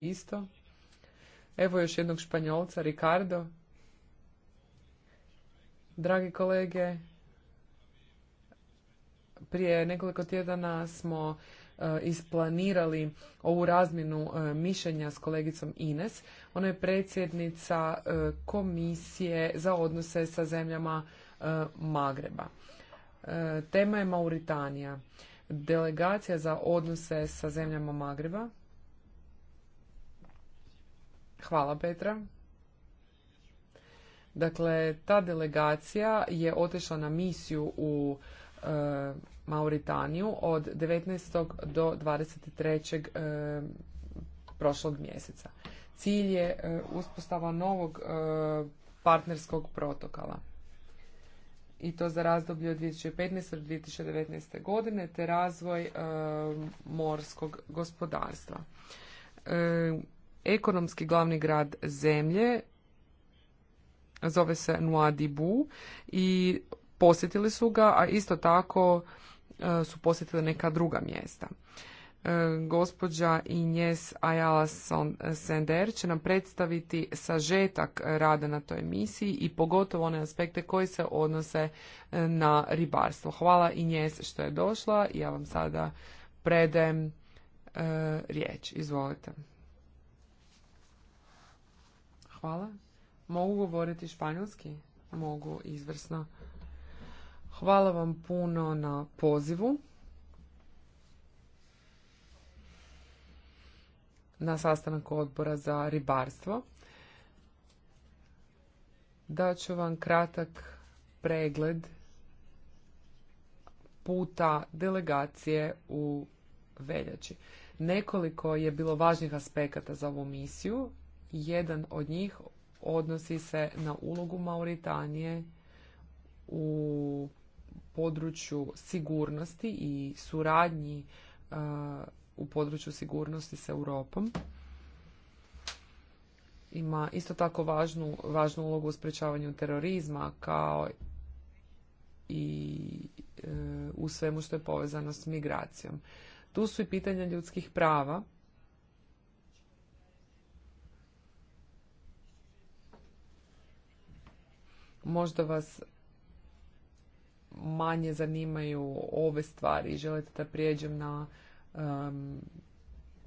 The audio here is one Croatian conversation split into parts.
isto. Evo još jednog španjolca, Ricardo. Dragi kolege, prije nekoliko tjedana smo e, isplanirali ovu razminu e, mišljenja s kolegicom Ines. Ona je predsjednica e, komisije za odnose sa zemljama Magreba. Tema je Mauritanija. Delegacija za odnose sa zemljama Magreba Hvala Petra. Dakle, ta delegacija je otišla na misiju u e, Mauritaniju od 19. do 23. E, prošlog mjeseca. Cilj je e, uspostava novog partnerskog protokala i to za razdoblje od 2015. do 2019. godine te razvoj morskog gospodarstva ekonomski glavni grad zemlje, zove se Nuadibu i posjetili su ga, a isto tako e, su posjetili neka druga mjesta. E, gospođa Injes Ayala Sender će nam predstaviti sažetak rada na toj emisiji i pogotovo one aspekte koji se odnose e, na ribarstvo. Hvala Injes što je došla i ja vam sada predajem riječ. Izvolite. Hvala. Mogu govoriti španjolski? Mogu, izvrsno. Hvala vam puno na pozivu. Na sastanak odbora za ribarstvo. Daću vam kratak pregled puta delegacije u veljači. Nekoliko je bilo važnih aspekata za ovu misiju jedan od njih odnosi se na ulogu Mauritanije u području sigurnosti i suradnji u području sigurnosti s Europom. Ima isto tako važnu, važnu ulogu u sprečavanju terorizma kao i e, u svemu što je povezano s migracijom. Tu su i pitanja ljudskih prava možda vas manje zanimaju ove stvari i želite da prijeđem na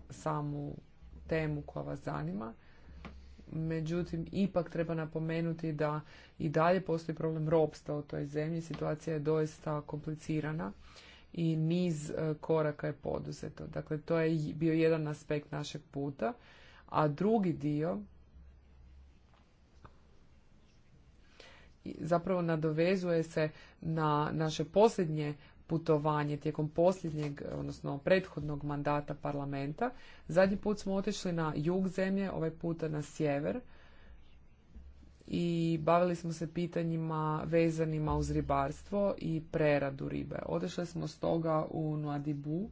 samu temu koja vas zanima. Međutim, ipak treba napomenuti da i dalje postoji problem ropstva u toj zemlji. Situacija je doista komplicirana i niz e, koraka je poduzeto. Dakle, to je bio jedan aspekt našeg puta. A drugi dio zapravo nadovezuje se na naše posljednje putovanje tijekom posljednjeg, odnosno prethodnog mandata parlamenta. Zadnji put smo otišli na jug zemlje, ovaj puta na sjever i bavili smo se pitanjima vezanima uz ribarstvo i preradu ribe. Otišli smo stoga u Nuadibu.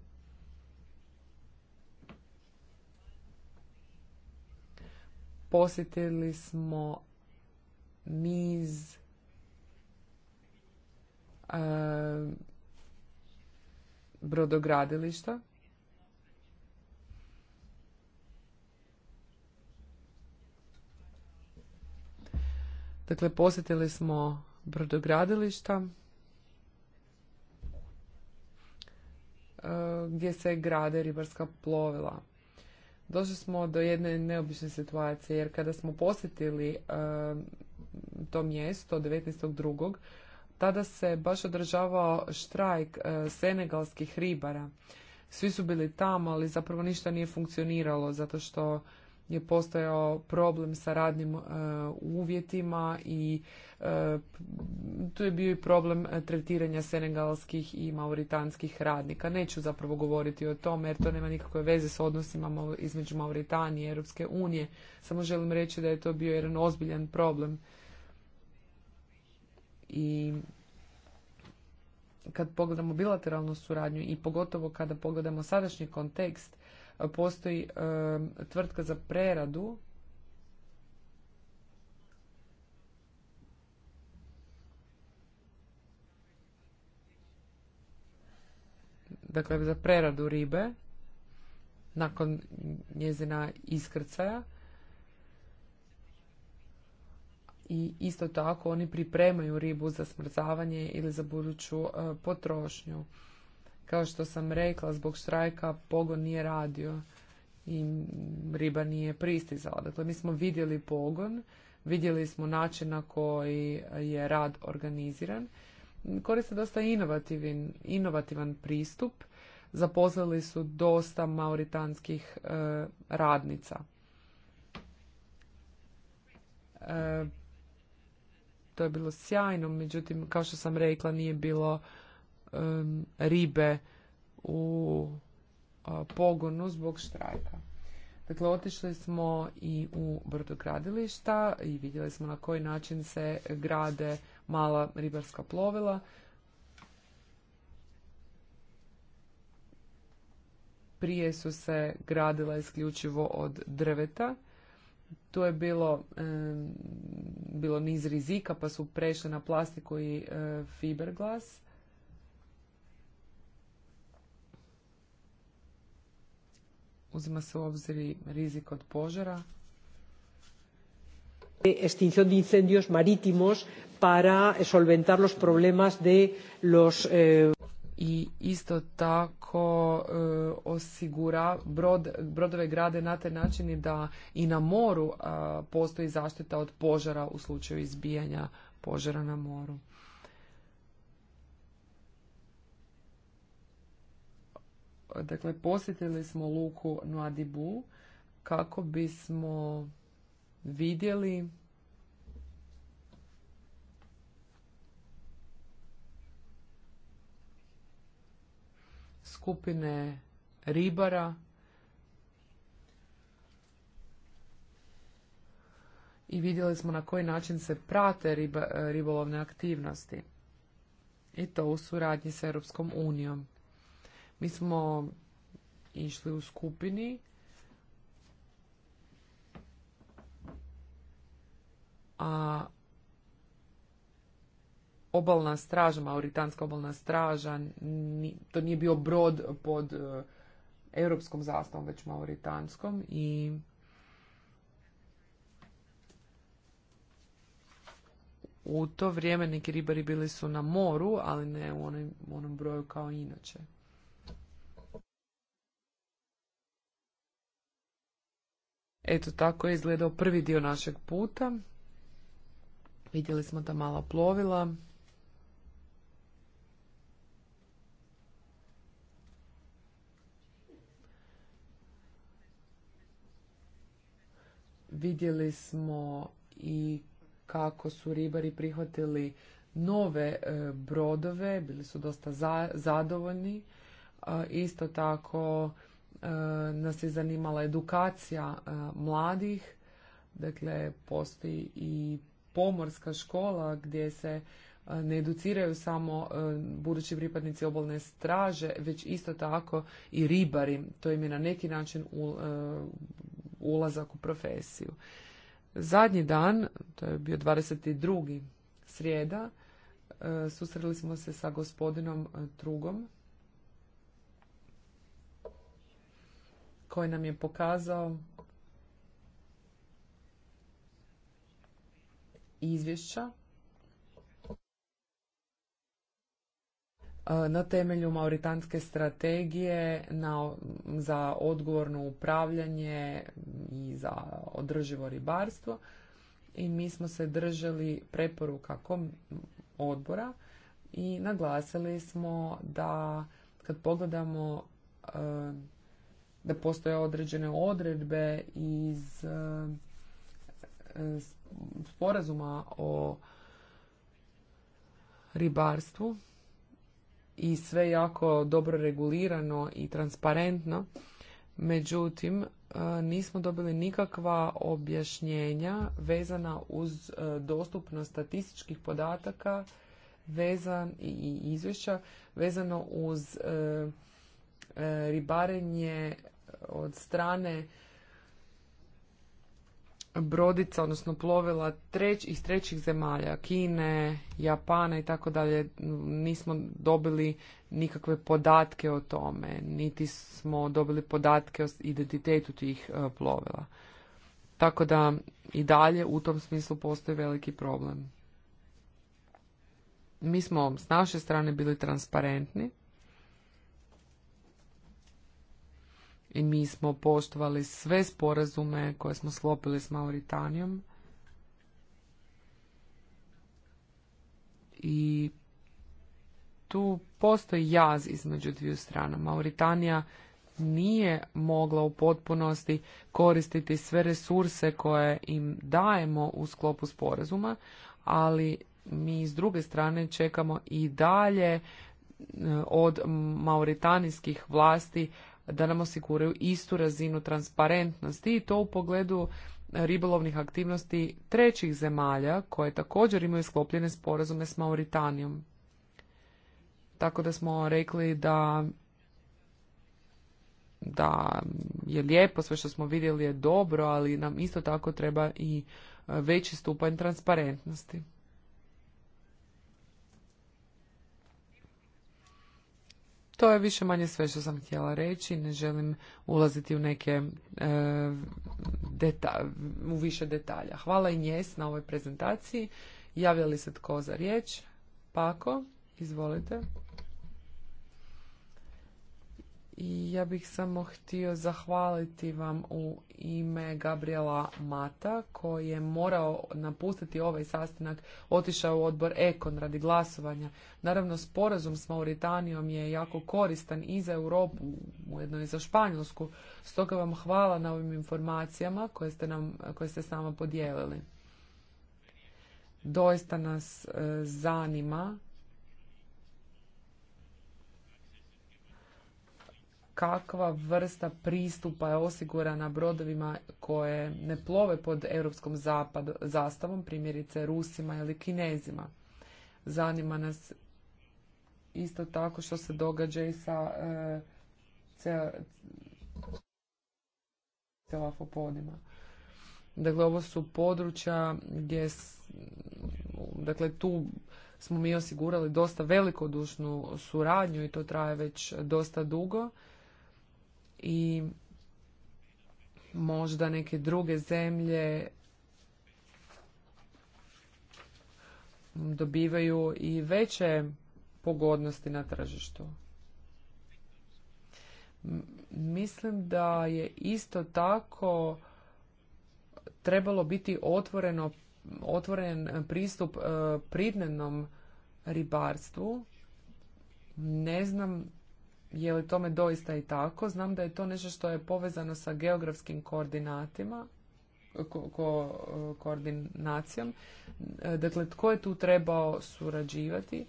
Posjetili smo niz E, brodogradilišta. Dakle, posjetili smo brodogradilišta e, gdje se grade ribarska plovila. Došli smo do jedne neobične situacije jer kada smo posjetili e, to mjesto 19.2 tada se baš održavao štrajk e, senegalskih ribara. Svi su bili tamo, ali zapravo ništa nije funkcioniralo zato što je postojao problem sa radnim e, uvjetima i e, tu je bio i problem tretiranja senegalskih i mauritanskih radnika. Neću zapravo govoriti o tome jer to nema nikakve veze s odnosima između Mauritanije i Europske unije. Samo želim reći da je to bio jedan ozbiljan problem i kad pogledamo bilateralnu suradnju i pogotovo kada pogledamo sadašnji kontekst, postoji tvrtka za preradu dakle za preradu ribe nakon njezina iskrcaja i isto tako oni pripremaju ribu za smrzavanje ili za buduću e, potrošnju. Kao što sam rekla, zbog štrajka pogon nije radio i riba nije pristizala. Dakle, mi smo vidjeli pogon, vidjeli smo način na koji je rad organiziran. Koriste dosta inovativan, pristup. Zaposlili su dosta mauritanskih e, radnica. E, to je bilo sjajno, međutim, kao što sam rekla, nije bilo ribe u uh, pogonu zbog štrajka. Dakle, otišli smo i u brodogradilišta i vidjeli smo na koji način se grade mala ribarska plovila. Prije su se gradila isključivo od drveta to je bilo, e, bilo niz rizika pa su prešli na plastiku i e, fiberglas. Uzima se u obzir rizik od požara. Extinción de incendios marítimos para solventar los problemas de los eh i isto tako e, osigura brod, brodove grade na taj način da i na moru e, postoji zaštita od požara u slučaju izbijanja požara na moru. Dakle, posjetili smo luku Nuadibu kako bismo vidjeli skupine ribara i vidjeli smo na koji način se prate ribolovne aktivnosti i to u suradnji s Europskom unijom. Mi smo išli u skupini a obalna straža, Mauritanska obalna straža, to nije bio brod pod e, europskom zastavom, već Mauritanskom i u to vrijeme neki ribari bili su na moru, ali ne u onom, broju kao inače. Eto tako je izgledao prvi dio našeg puta. Vidjeli smo ta mala plovila. Vidjeli smo i kako su ribari prihvatili nove e, brodove, bili su dosta zadovoljni. E, isto tako e, nas je zanimala edukacija mladih, dakle postoji i pomorska škola gdje se ne educiraju samo budući pripadnici obalne straže, već isto tako i ribari. To im je na neki način ulazak u profesiju. Zadnji dan, to je bio 22. srijeda, e, susreli smo se sa gospodinom e, Trugom, koji nam je pokazao izvješća E, na temelju mauritanske strategije na, za odgovorno upravljanje i za održivo ribarstvo i mi smo se držali preporuka odbora i naglasili smo da kad pogledamo e, da postoje određene odredbe iz e, sporazuma o ribarstvu i sve jako dobro regulirano i transparentno. Međutim, e, nismo dobili nikakva objašnjenja vezana uz e, dostupnost statističkih podataka vezan i izvješća vezano uz e, ribarenje od strane brodica, odnosno plovila treć, iz trećih zemalja, Kine, Japana i tako dalje, nismo dobili nikakve podatke o tome, niti smo dobili podatke o identitetu tih e, plovila. Tako da i dalje u tom smislu postoji veliki problem. Mi smo s naše strane bili transparentni i mi smo poštovali sve sporazume koje smo sklopili s Mauritanijom i tu postoji jaz između dviju strana. Mauritanija nije mogla u potpunosti koristiti sve resurse koje im dajemo u sklopu sporazuma, ali mi s druge strane čekamo i dalje e, od mauritanijskih vlasti da nam osiguraju istu razinu transparentnosti i to u pogledu ribolovnih aktivnosti trećih zemalja koje također imaju sklopljene sporazume s Mauritanijom. Tako da smo rekli da da je lijepo, sve što smo vidjeli je dobro, ali nam isto tako treba i veći stupanj transparentnosti. To je više manje sve što sam htjela reći. Ne želim ulaziti u neke e, u više detalja. Hvala i njes na ovoj prezentaciji. Javlja li se tko za riječ? Pako, izvolite i ja bih samo htio zahvaliti vam u ime Gabriela Mata koji je morao napustiti ovaj sastanak, otišao u odbor Ekon radi glasovanja. Naravno, sporazum s Mauritanijom je jako koristan i za Europu, ujedno i za Španjolsku. Stoga vam hvala na ovim informacijama koje ste, nam, koje ste s nama podijelili. Doista nas e, zanima kakva vrsta pristupa je osigurana brodovima koje ne plove pod europskom zastavom, primjerice Rusima ili Kinezima. Zanima nas isto tako što se događa i sa e, Dakle, ovo su područja gdje, dakle, tu smo mi osigurali dosta velikodušnu suradnju i to traje već dosta dugo i možda neke druge zemlje dobivaju i veće pogodnosti na tržištu. Mislim da je isto tako trebalo biti otvoreno, otvoren pristup e, pridnenom ribarstvu. Ne znam je li tome doista i tako? Znam da je to nešto što je povezano sa geografskim koordinatima, ko, ko, koordinacijom. Dakle, tko je tu trebao surađivati?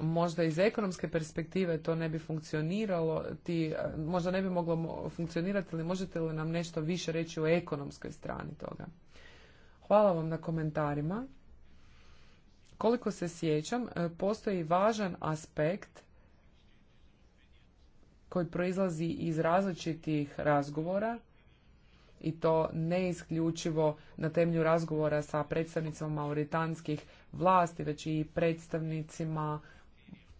možda iz ekonomske perspektive to ne bi funkcioniralo, ti, možda ne bi moglo funkcionirati, ali možete li nam nešto više reći o ekonomskoj strani toga? Hvala vam na komentarima. Koliko se sjećam, e, postoji važan aspekt koji proizlazi iz različitih razgovora i to ne isključivo na temelju razgovora sa predstavnicima mauritanskih vlasti, već i predstavnicima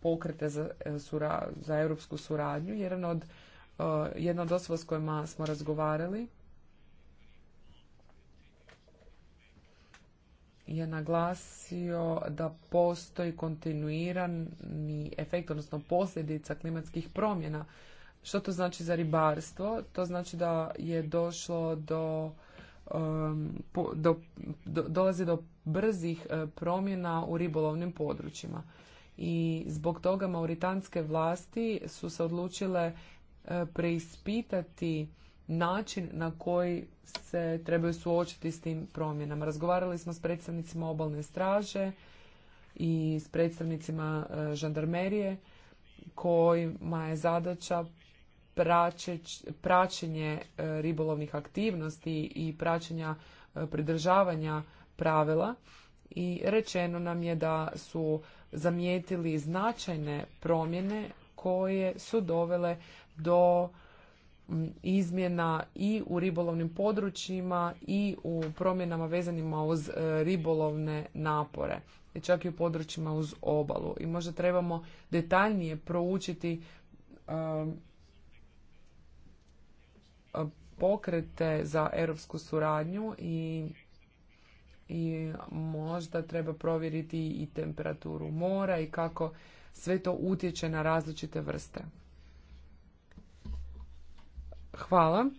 pokrete za, e, za europsku suradnju. Jedan od, e, jedna od osoba s kojima smo razgovarali je naglasio da postoji kontinuirani efekt, odnosno posljedica klimatskih promjena. Što to znači za ribarstvo? To znači da je došlo do um, do, do, dolazi do brzih e, promjena u ribolovnim područjima. I zbog toga mauritanske vlasti su se odlučile e, preispitati način na koji se trebaju suočiti s tim promjenama. Razgovarali smo s predstavnicima obalne straže i s predstavnicima e, žandarmerije kojima je zadaća praćenje e, ribolovnih aktivnosti i praćenja e, pridržavanja pravila i rečeno nam je da su zamijetili značajne promjene koje su dovele do izmjena i u ribolovnim područjima i u promjenama vezanima uz e, ribolovne napore i čak i u područjima uz obalu. I možda trebamo detaljnije proučiti pokrete za europsku suradnju i i možda treba provjeriti i temperaturu mora i kako sve to utječe na različite vrste. Hvala.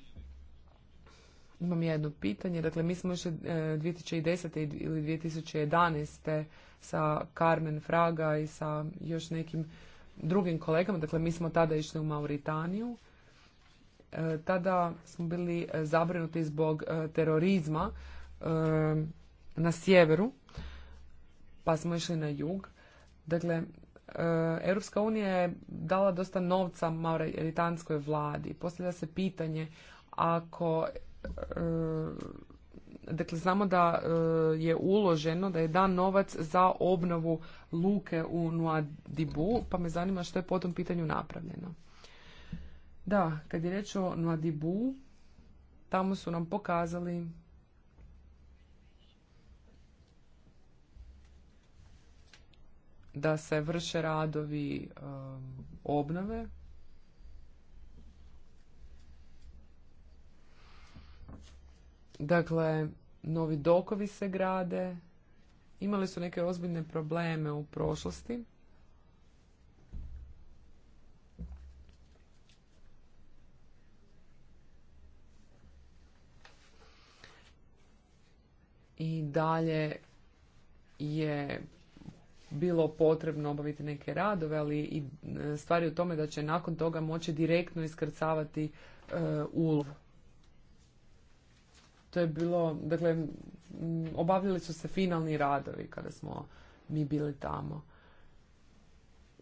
Imam jedno pitanje. Dakle, mi smo još 2010. E, ili 2011. sa Carmen Fraga i sa još nekim drugim kolegama. Dakle, mi smo tada išli u Mauritaniju. E, tada smo bili e, zabrinuti zbog terorizma na sjeveru, pa smo išli na jug. Dakle, E, Europska unija je dala dosta novca mauritanskoj vladi. Postavlja se pitanje ako e, dakle znamo da e, je uloženo, da je dan novac za obnovu luke u Nuadibu, pa me zanima što je po tom pitanju napravljeno. Da, kad je reč o Nuadibu, tamo su nam pokazali da se vrše radovi um, obnove. Dakle, novi dokovi se grade. Imali su neke ozbiljne probleme u prošlosti. I dalje je bilo potrebno obaviti neke radove, ali i e, stvari u tome da će nakon toga moći direktno iskrcavati e, ulov. To je bilo, dakle, obavljali su se finalni radovi kada smo mi bili tamo.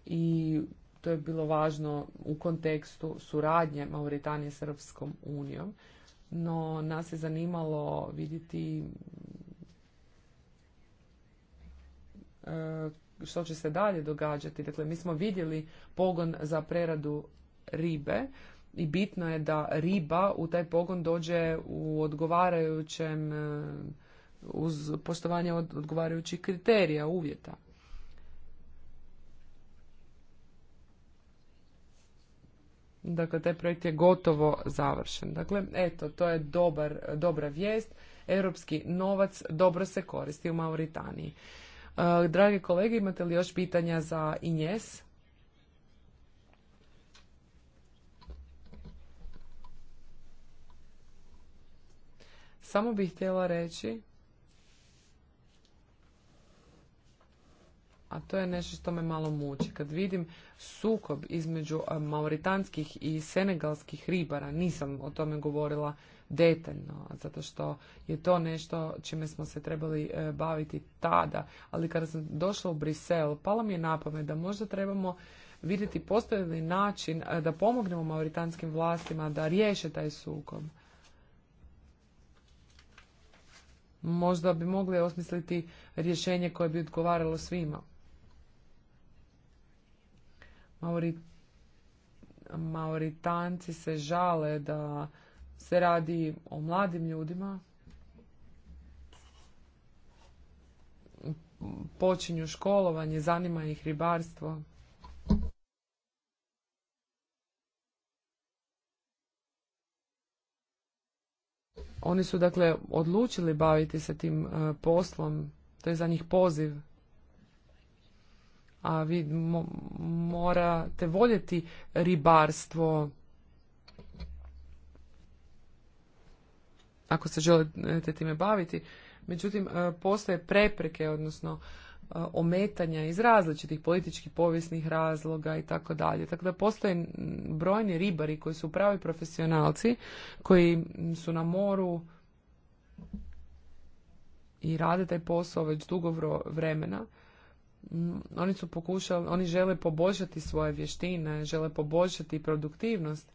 I to je bilo važno u kontekstu suradnje Mauritanije s Europskom unijom, no nas je zanimalo vidjeti E, što će se dalje događati. Dakle, mi smo vidjeli pogon za preradu ribe i bitno je da riba u taj pogon dođe u odgovarajućem e, uz poštovanje odgovarajućih kriterija, uvjeta. Dakle, taj projekt je gotovo završen. Dakle, eto, to je dobar, dobra vijest. Europski novac dobro se koristi u Mauritaniji. E, dragi kolege, imate li još pitanja za Injes? Samo bih htjela reći, a to je nešto što me malo muči, kad vidim sukob između e, mauritanskih i senegalskih ribara, nisam o tome govorila detaljno, zato što je to nešto čime smo se trebali e, baviti tada. Ali kada sam došla u Brisel, palo mi je na pamet da možda trebamo vidjeti postoji li način e, da pomognemo mauritanskim vlastima da riješe taj sukob. Možda bi mogli osmisliti rješenje koje bi odgovaralo svima. Mauri... Mauritanci se žale da se radi o mladim ljudima, počinju školovanje, zanima ih ribarstvo. Oni su dakle odlučili baviti se tim e, poslom, to je za njih poziv. A vi morate voljeti ribarstvo, ako se želite time baviti. Međutim, e, postoje prepreke, odnosno e, ometanja iz različitih političkih povijesnih razloga i tako dalje. Tako da postoje brojni ribari koji su pravi profesionalci, koji su na moru i rade taj posao već dugo vremena. Mm, oni su pokušali, oni žele poboljšati svoje vještine, žele poboljšati produktivnost.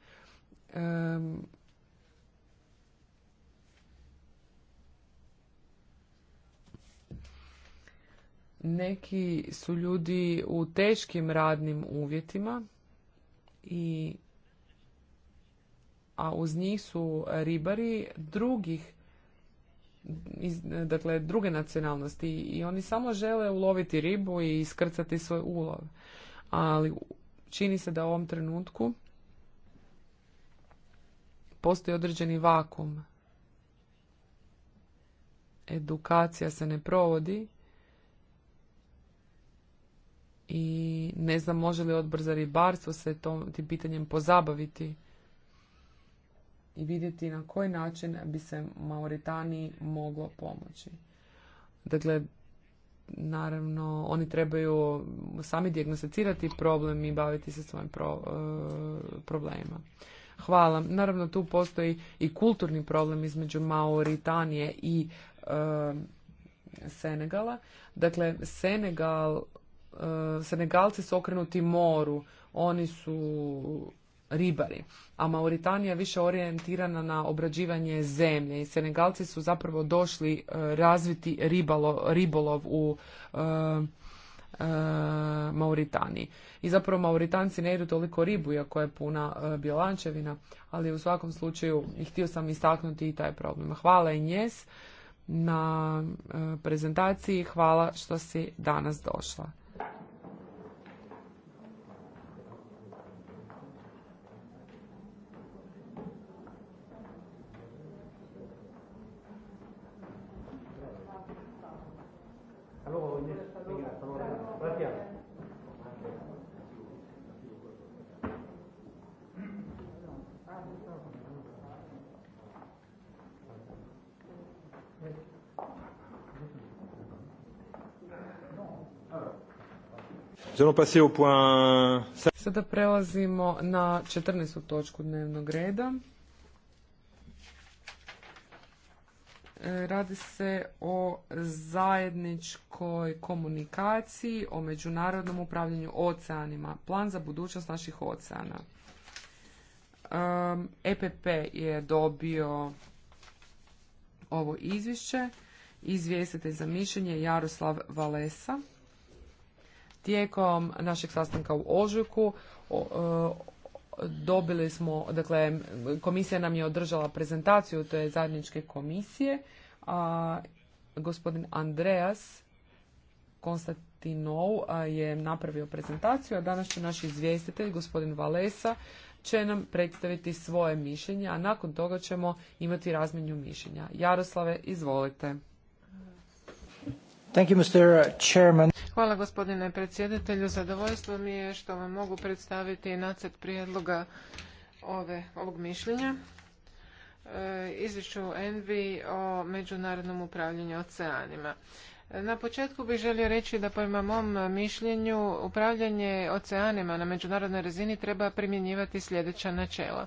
Neki su ljudi u teškim radnim uvjetima i a uz njih su ribari drugih iz, dakle druge nacionalnosti i oni samo žele uloviti ribu i iskrcati svoj ulov. Ali čini se da u ovom trenutku postoji određeni vakum. Edukacija se ne provodi i ne znam može li odbor za ribarstvo se tim pitanjem pozabaviti i vidjeti na koji način bi se Mauritaniji moglo pomoći. Dakle, naravno, oni trebaju sami dijagnosticirati problem i baviti se svojim e, problemima. Hvala. Naravno, tu postoji i kulturni problem između Mauritanije i e, Senegala. Dakle, Senegal E, Senegalci su okrenuti moru, oni su ribari, a Mauritanija je više orijentirana na obrađivanje zemlje i Senegalci su zapravo došli e, razviti ribalo, ribolov u e, Mauritaniji. I zapravo Mauritanci ne idu toliko ribu, iako je puna e, bjelančevina, ali u svakom slučaju htio sam istaknuti i taj problem. Hvala i njes na prezentaciji, hvala što si danas došla. Sada prelazimo na 14. točku dnevnog reda. E, radi se o zajedničkoj komunikaciji, o međunarodnom upravljanju oceanima, plan za budućnost naših oceana. EPP e je dobio ovo izvješće, izvjestitelj za mišljenje Jaroslav Valesa. Tijekom našeg sastanka u Ožujku e, dobili smo, dakle, komisija nam je održala prezentaciju, to je zajedničke komisije, a gospodin Andreas Konstantinov je napravio prezentaciju, a danas će naš izvjestitelj, gospodin Valesa, će nam predstaviti svoje mišljenje, a nakon toga ćemo imati razmjenju mišljenja. Jaroslave, izvolite. Uh, Hvala gospodine predsjedatelju. Zadovoljstvo mi je što vam mogu predstaviti nacrt prijedloga ovog mišljenja. E, izvješću Envi o međunarodnom upravljanju oceanima. Na početku bih želio reći da prema mom mišljenju upravljanje oceanima na međunarodnoj razini treba primjenjivati sljedeća načela.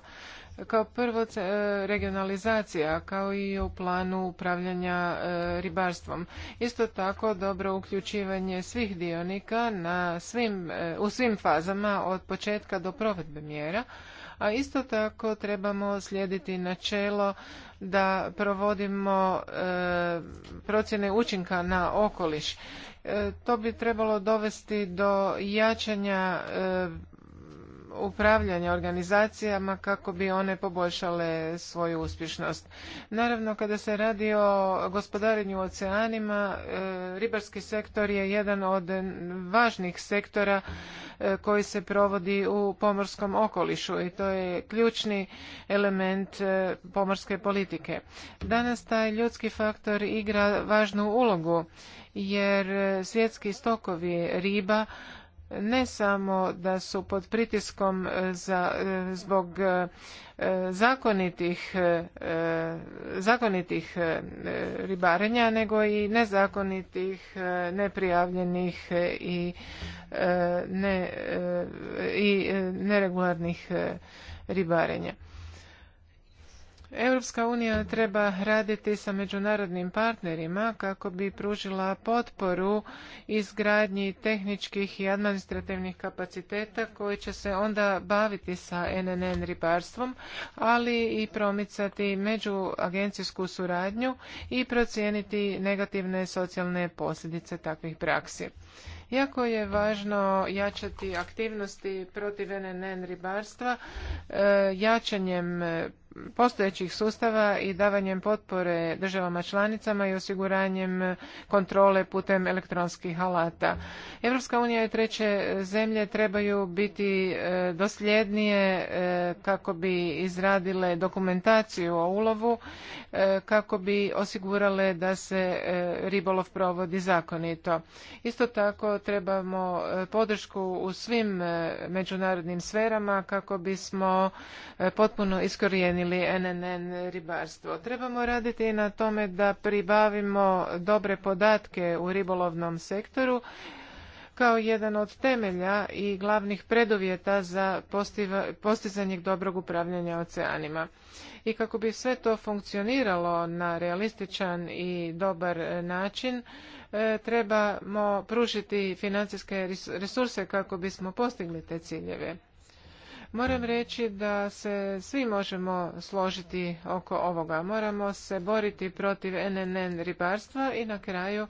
Kao prvo e, regionalizacija kao i u planu upravljanja e, ribarstvom. Isto tako dobro uključivanje svih dionika e, u svim fazama od početka do provedbe mjera a isto tako trebamo slijediti načelo da provodimo e, procjene učinka na okoliš. E, to bi trebalo dovesti do jačanja e, upravljanja organizacijama kako bi one poboljšale svoju uspješnost. Naravno, kada se radi o gospodarenju oceanima, e, ribarski sektor je jedan od važnih sektora e, koji se provodi u pomorskom okolišu i to je ključni element e, pomorske politike. Danas taj ljudski faktor igra važnu ulogu jer svjetski stokovi riba ne samo da su pod pritiskom e, e, zbog e, zakonitih, zakonitih ribarenja, nego i nezakonitih, neprijavljenih i, ne, i neregularnih ribarenja. Europska unija treba raditi sa međunarodnim partnerima kako bi pružila potporu izgradnji tehničkih i administrativnih kapaciteta koji će se onda baviti sa NNN ribarstvom, ali i promicati međuagencijsku suradnju i procijeniti negativne socijalne posljedice takvih praksi. Jako je važno jačati aktivnosti protiv NNN ribarstva e, jačanjem postojećih sustava i davanjem potpore državama članicama i osiguranjem kontrole putem elektronskih alata. Europska unija i treće zemlje trebaju biti e, dosljednije e, kako bi izradile dokumentaciju o ulovu, e, kako bi osigurale da se ribolov provodi zakonito. Isto tako trebamo podršku u svim međunarodnim sferama kako bismo potpuno iskorijenili ili NNN ribarstvo. Trebamo raditi na tome da pribavimo dobre podatke u ribolovnom sektoru kao jedan od temelja i glavnih preduvjeta za postizanje dobrog upravljanja oceanima. I kako bi sve to funkcioniralo na realističan i dobar način, e, trebamo pružiti financijske resurse kako bismo postigli te ciljeve. Moram reći da se svi možemo složiti oko ovoga. Moramo se boriti protiv NNN ribarstva i na kraju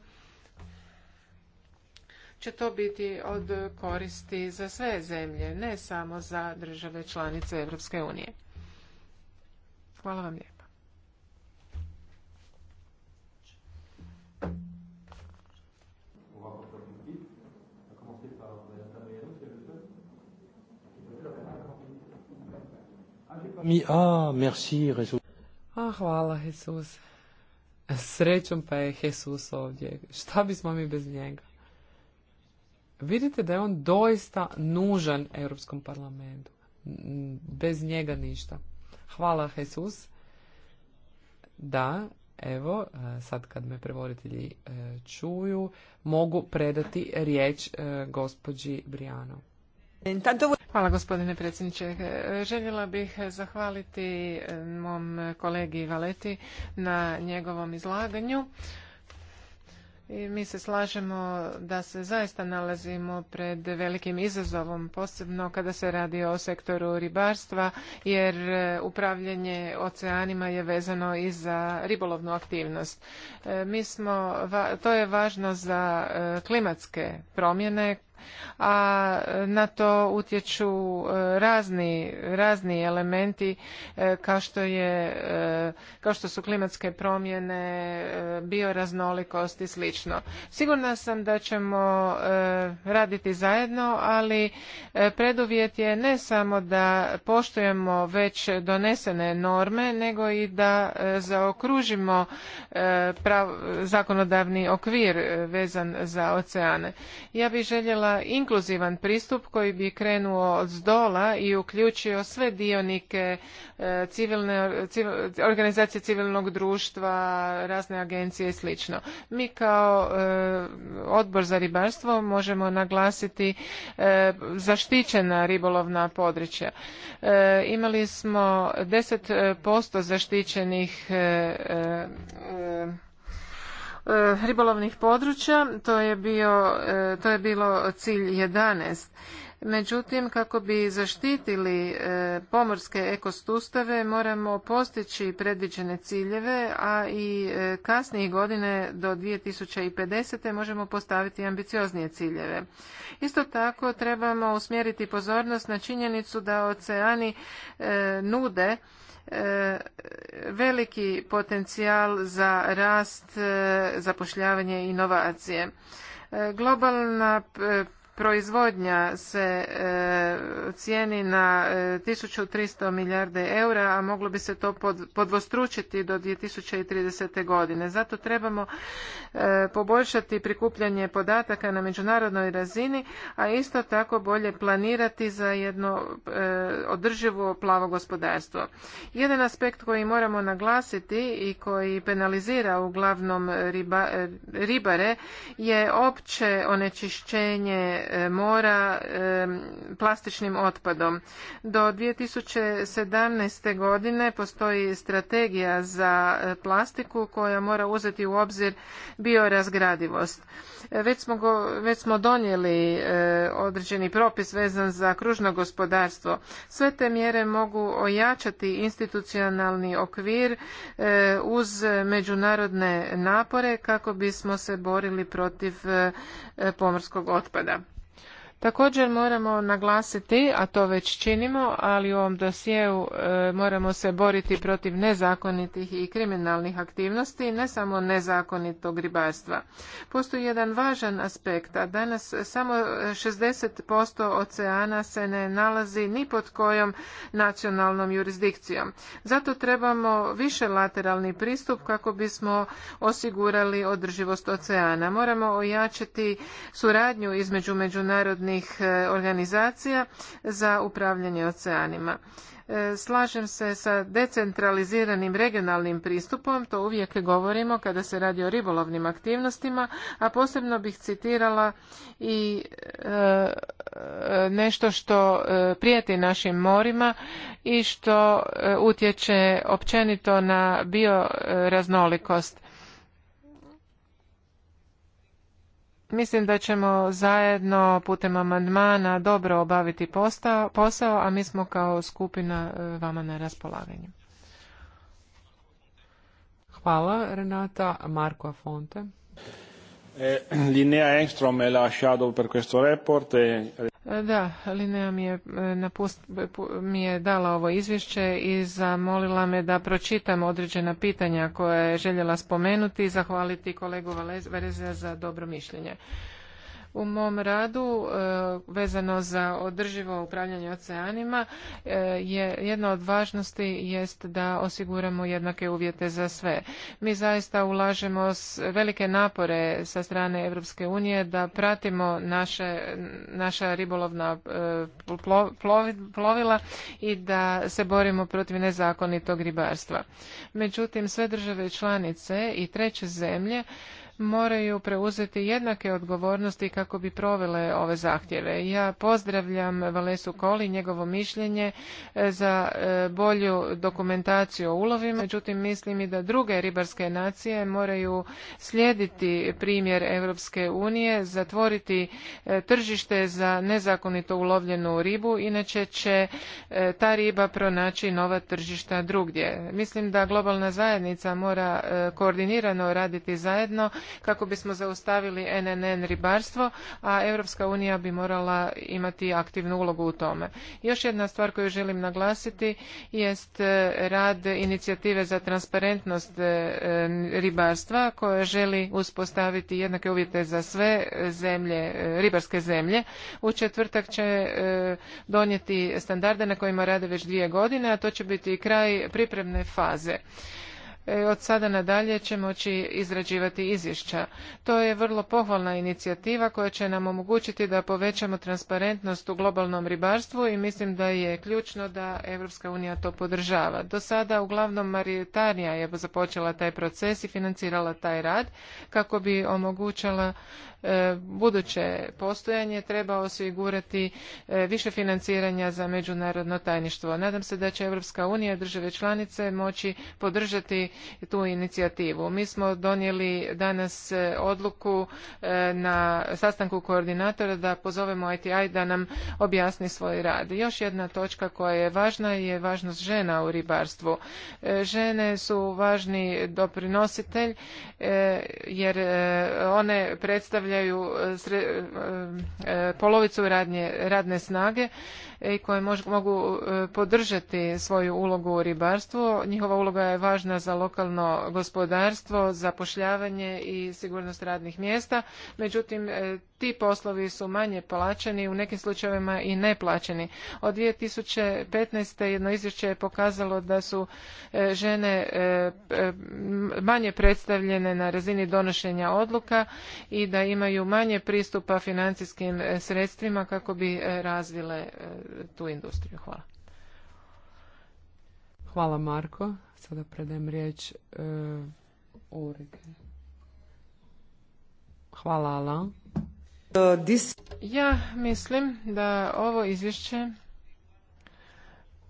će to biti od koristi za sve zemlje, ne samo za države članice Europske unije. Hvala vam lijepa. Mi, a, hvala, Jesus. Srećom pa je Jesus ovdje. Šta bismo mi bez njega? Vidite da je on doista nužan Europskom parlamentu. Bez njega ništa. Hvala, Jesus. Da, evo, e, sad kad me prevoditelji e, čuju, mogu predati riječ e, gospođi Brijano. Hvala gospodine predsjedniče. Željela bih zahvaliti eh, mom kolegi Valeti na njegovom izlaganju. I mi se slažemo da se zaista nalazimo pred velikim izazovom, posebno kada se radi o sektoru ribarstva, jer eh, upravljanje oceanima je vezano i za ribolovnu aktivnost. Eh, mi smo, to je važno za klimatske promjene a na to utječu e, razni, razni elementi e, kao što, je, e, kao što su klimatske promjene, bioraznolikost i slično. Sigurna sam da ćemo raditi zajedno, ali preduvjet je ne samo da poštujemo već donesene norme, nego i da zaokružimo zakonodavni okvir vezan za oceane. Ja bih željela inkluzivan pristup koji bi krenuo od zdola i uključio sve dionike e, civilne, organizacije civilnog društva, razne agencije i sl. Mi kao e, odbor za ribarstvo možemo naglasiti e, zaštićena ribolovna područja. imali smo 10% zaštićenih Eh, ribolovnih područja, to je, eh, to je bilo cilj 11. Međutim, kako bi zaštitili eh, pomorske ekostustave, moramo postići predviđene ciljeve, a i kasnijih godine do 2050. možemo postaviti ambicioznije ciljeve. Isto tako, trebamo usmjeriti pozornost na činjenicu da oceani nude E, veliki potencijal za rast, e, zapošljavanje i inovacije. E, globalna proizvodnja se e, cijeni na 1300 e, milijarde eura, a moglo bi se to podvostručiti do 2030. godine. Zato trebamo e, poboljšati prikupljanje podataka na međunarodnoj razini, a isto tako bolje planirati za jedno održivo plavo gospodarstvo. Jedan aspekt koji moramo naglasiti i koji penalizira uglavnom ribare je opće onečišćenje E, mora e, plastičnim otpadom. Do 2017. godine postoji strategija za e, plastiku koja mora uzeti u obzir biorazgradivost. Već smo, go, već smo donijeli određeni propis vezan za kružno gospodarstvo. Sve te mjere mogu ojačati institucionalni okvir uz međunarodne napore kako bismo se borili protiv pomorskog otpada. Također moramo naglasiti, a to već činimo, ali u ovom dosjeu e, moramo se boriti protiv nezakonitih i kriminalnih aktivnosti, ne samo nezakonitog ribarstva. Postoji jedan važan aspekt, a danas samo 60% oceana se ne nalazi ni pod kojom nacionalnom jurisdikcijom. Zato trebamo više lateralni pristup kako bismo osigurali održivost oceana. Moramo ojačati suradnju između međunarodnih međunarodnih e, organizacija za upravljanje oceanima. E, slažem se sa decentraliziranim regionalnim pristupom, to uvijek govorimo kada se radi o ribolovnim aktivnostima, a posebno bih citirala i e, nešto što prijeti našim morima i što utječe općenito na bioraznolikost. Mislim da ćemo zajedno putem amandmana dobro obaviti posao, a mi smo kao skupina e, vama na raspolaganju. Hvala, Renata. Marko Afonte. Eh, Linea Engstrom je la per questo report. E da, Linea mi je, e, mi je dala ovo izvješće i zamolila me da pročitam određena pitanja koja je željela spomenuti i zahvaliti kolegu Vereza za dobro mišljenje u mom radu e, vezano za održivo upravljanje oceanima e, je jedna od važnosti jest da osiguramo jednake uvjete za sve. Mi zaista ulažemo velike napore sa strane Europske unije da pratimo naše, naša ribolovna e, plovila i da se borimo protiv nezakonitog ribarstva. Međutim, sve države članice i treće zemlje moraju preuzeti jednake odgovornosti kako bi provele ove zahtjeve. Ja pozdravljam Valesu Koli, njegovo mišljenje e, za e, bolju dokumentaciju o ulovima, međutim mislim i da druge ribarske nacije moraju slijediti primjer Europske unije, zatvoriti e, tržište za nezakonito ulovljenu ribu, inače će ta riba pronaći nova tržišta drugdje. Mislim da globalna zajednica mora koordinirano raditi zajedno kako bismo zaustavili NNN ribarstvo, a Europska unija bi morala imati aktivnu ulogu u tome. Još jedna stvar koju želim naglasiti jest e, rad inicijative za transparentnost e, e, ribarstva koja želi uspostaviti jednake uvjete za sve zemlje, ribarske zemlje. U četvrtak će donijeti standarde na kojima rade već dvije godine, a to će biti kraj pripremne faze. E, od sada nadalje će moći izrađivati izvješća. To je vrlo pohvalna inicijativa koja će nam omogućiti da povećamo transparentnost u globalnom ribarstvu i mislim da je ključno da Europska unija to podržava. Do sada uglavnom Maritarnija je započela taj proces i financirala taj rad kako bi omogućala e, buduće postojanje treba osigurati e, više financiranja za međunarodno tajništvo. Nadam se da će Europska unija i države članice moći podržati tu inicijativu. Mi smo donijeli danas e, odluku e, na sastanku koordinatora da pozovemo ITI da nam objasni svoj rad. Još jedna točka koja je važna je važnost žena u ribarstvu. E, žene su važni doprinositelj jer one predstavljaju polovicu radne snage i koje mogu podržati svoju ulogu u ribarstvu. Njihova uloga je važna za lokalno gospodarstvo, zapošljavanje i sigurnost radnih mjesta. Međutim, e, ti poslovi su manje plaćeni, u nekim slučajevima i neplaćeni. Od 2015. jedno izvješće je pokazalo da su e, žene e, manje predstavljene na razini donošenja odluka i da imaju manje pristupa financijskim sredstvima kako bi razvile tu industriju. Hvala. Hvala Marko. Sada predajem riječ uh, Hvala, Ja mislim da ovo izvješće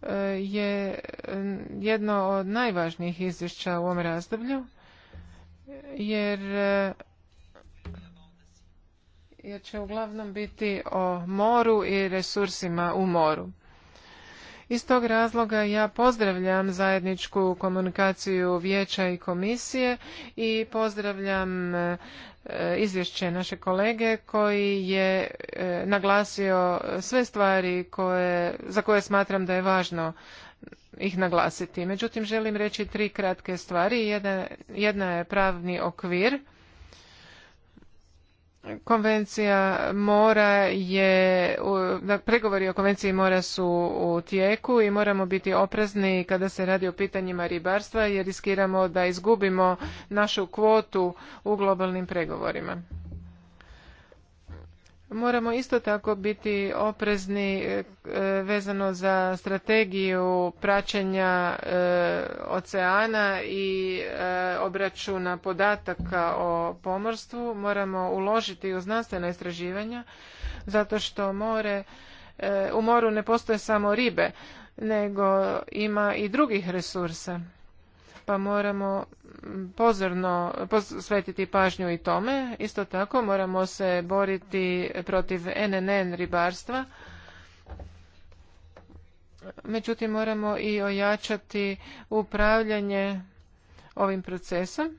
e, je e, jedno od najvažnijih izvješća u ovom razdoblju, jer, jer će uglavnom biti o moru i resursima u moru. Iz tog razloga ja pozdravljam zajedničku komunikaciju vijeća i komisije i pozdravljam e, izvješće naše kolege koji je e, naglasio sve stvari koje, za koje smatram da je važno ih naglasiti. Međutim, želim reći tri kratke stvari. Jedna, jedna je pravni okvir Konvencija mora je, pregovori o konvenciji mora su u tijeku i moramo biti oprezni kada se radi o pitanjima ribarstva jer riskiramo da izgubimo našu kvotu u globalnim pregovorima. Moramo isto tako biti oprezni e, vezano za strategiju praćenja e, oceana i e, obračuna podataka o pomorstvu. Moramo uložiti u znanstvena istraživanja zato što more, u moru ne postoje samo ribe nego ima i drugih resursa pa moramo mm, pozorno posvetiti pažnju i tome. Isto tako moramo se boriti protiv NNN ribarstva. Međutim, moramo i ojačati upravljanje ovim procesom.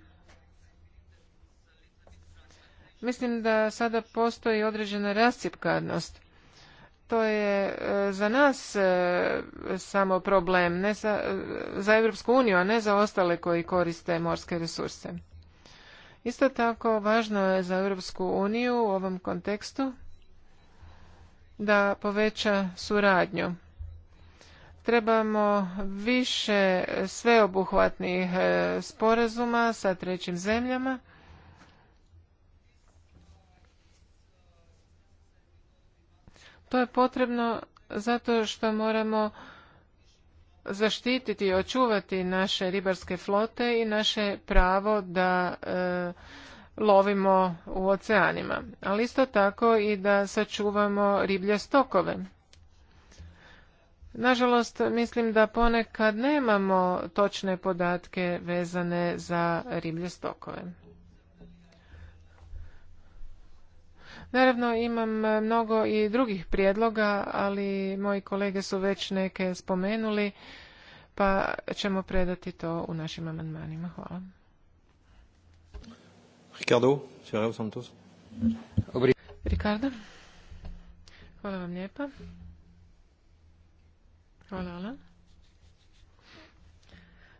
Mislim da sada postoji određena rascjepkanost to je e, za nas e, samo problem, ne za, e, za Europsku uniju, a ne za ostale koji koriste morske resurse. Isto tako važno je za Europsku uniju u ovom kontekstu da poveća suradnju. Trebamo više sveobuhvatnih sporazuma sa trećim zemljama To je potrebno zato što moramo zaštititi i očuvati naše ribarske flote i naše pravo da e, lovimo u oceanima, ali isto tako i da sačuvamo riblje stokove. Nažalost, mislim da ponekad nemamo točne podatke vezane za riblje stokove. Naravno imam e, mnogo i drugih prijedloga, ali moji kolege su već neke spomenuli, pa ćemo predati to u našim amandmanima. Hvala. Ricardo, Santos. Ricardo. Hvala vam lijepa. Hvala, hvala.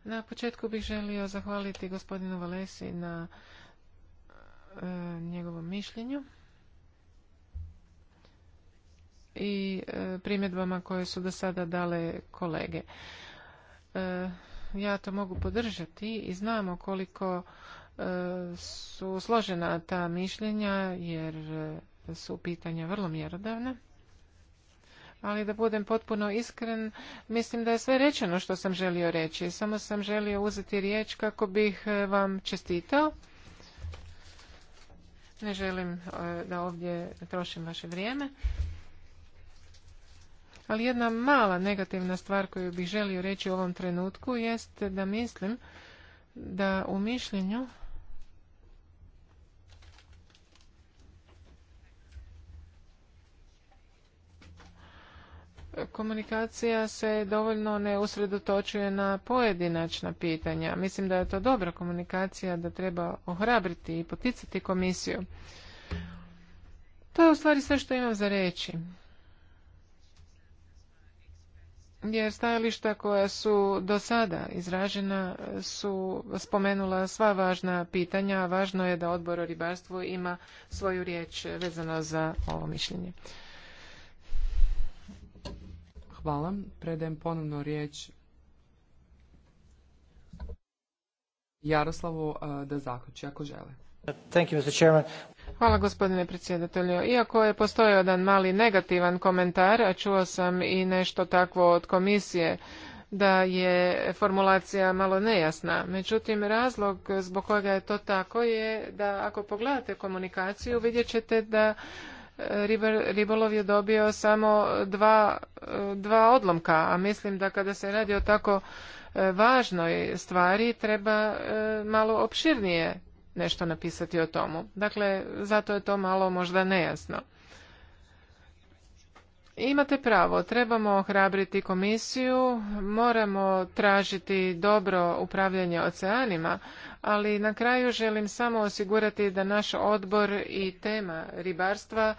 Na početku bih želio zahvaliti gospodinu Valesi na e, njegovom mišljenju i e, primjedbama koje su do sada dale kolege. E, ja to mogu podržati i znamo koliko e, su složena ta mišljenja jer su pitanja vrlo mjerodavna. Ali da budem potpuno iskren, mislim da je sve rečeno što sam želio reći. Samo sam želio uzeti riječ kako bih vam čestitao. Ne želim da ovdje trošim vaše vrijeme. Ali jedna mala negativna stvar koju bih želio reći u ovom trenutku jest da mislim da u mišljenju komunikacija se dovoljno ne usredotočuje na pojedinačna pitanja. Mislim da je to dobra komunikacija, da treba ohrabriti i poticati komisiju. To je u stvari sve što imam za reći jer stajališta koja su do sada izražena su spomenula sva važna pitanja, a važno je da odbor o ribarstvu ima svoju riječ vezano za ovo mišljenje. Hvala. Predajem ponovno riječ Jaroslavu da zaključi ako žele. Thank you, Mr. Chairman. Hvala gospodine predsjedatelju. Iako je postojao jedan mali negativan komentar, a čuo sam i nešto takvo od komisije, da je formulacija malo nejasna. Međutim, razlog zbog kojega je to tako je da ako pogledate komunikaciju vidjet ćete da e, ribolov je dobio samo dva, e, dva odlomka, a mislim da kada se radi o tako e, važnoj stvari treba malo opširnije nešto napisati o tomu. Dakle, zato je to malo možda nejasno. Imate pravo, trebamo ohrabriti komisiju, moramo tražiti dobro upravljanje oceanima, ali na kraju želim samo osigurati da naš odbor i tema ribarstva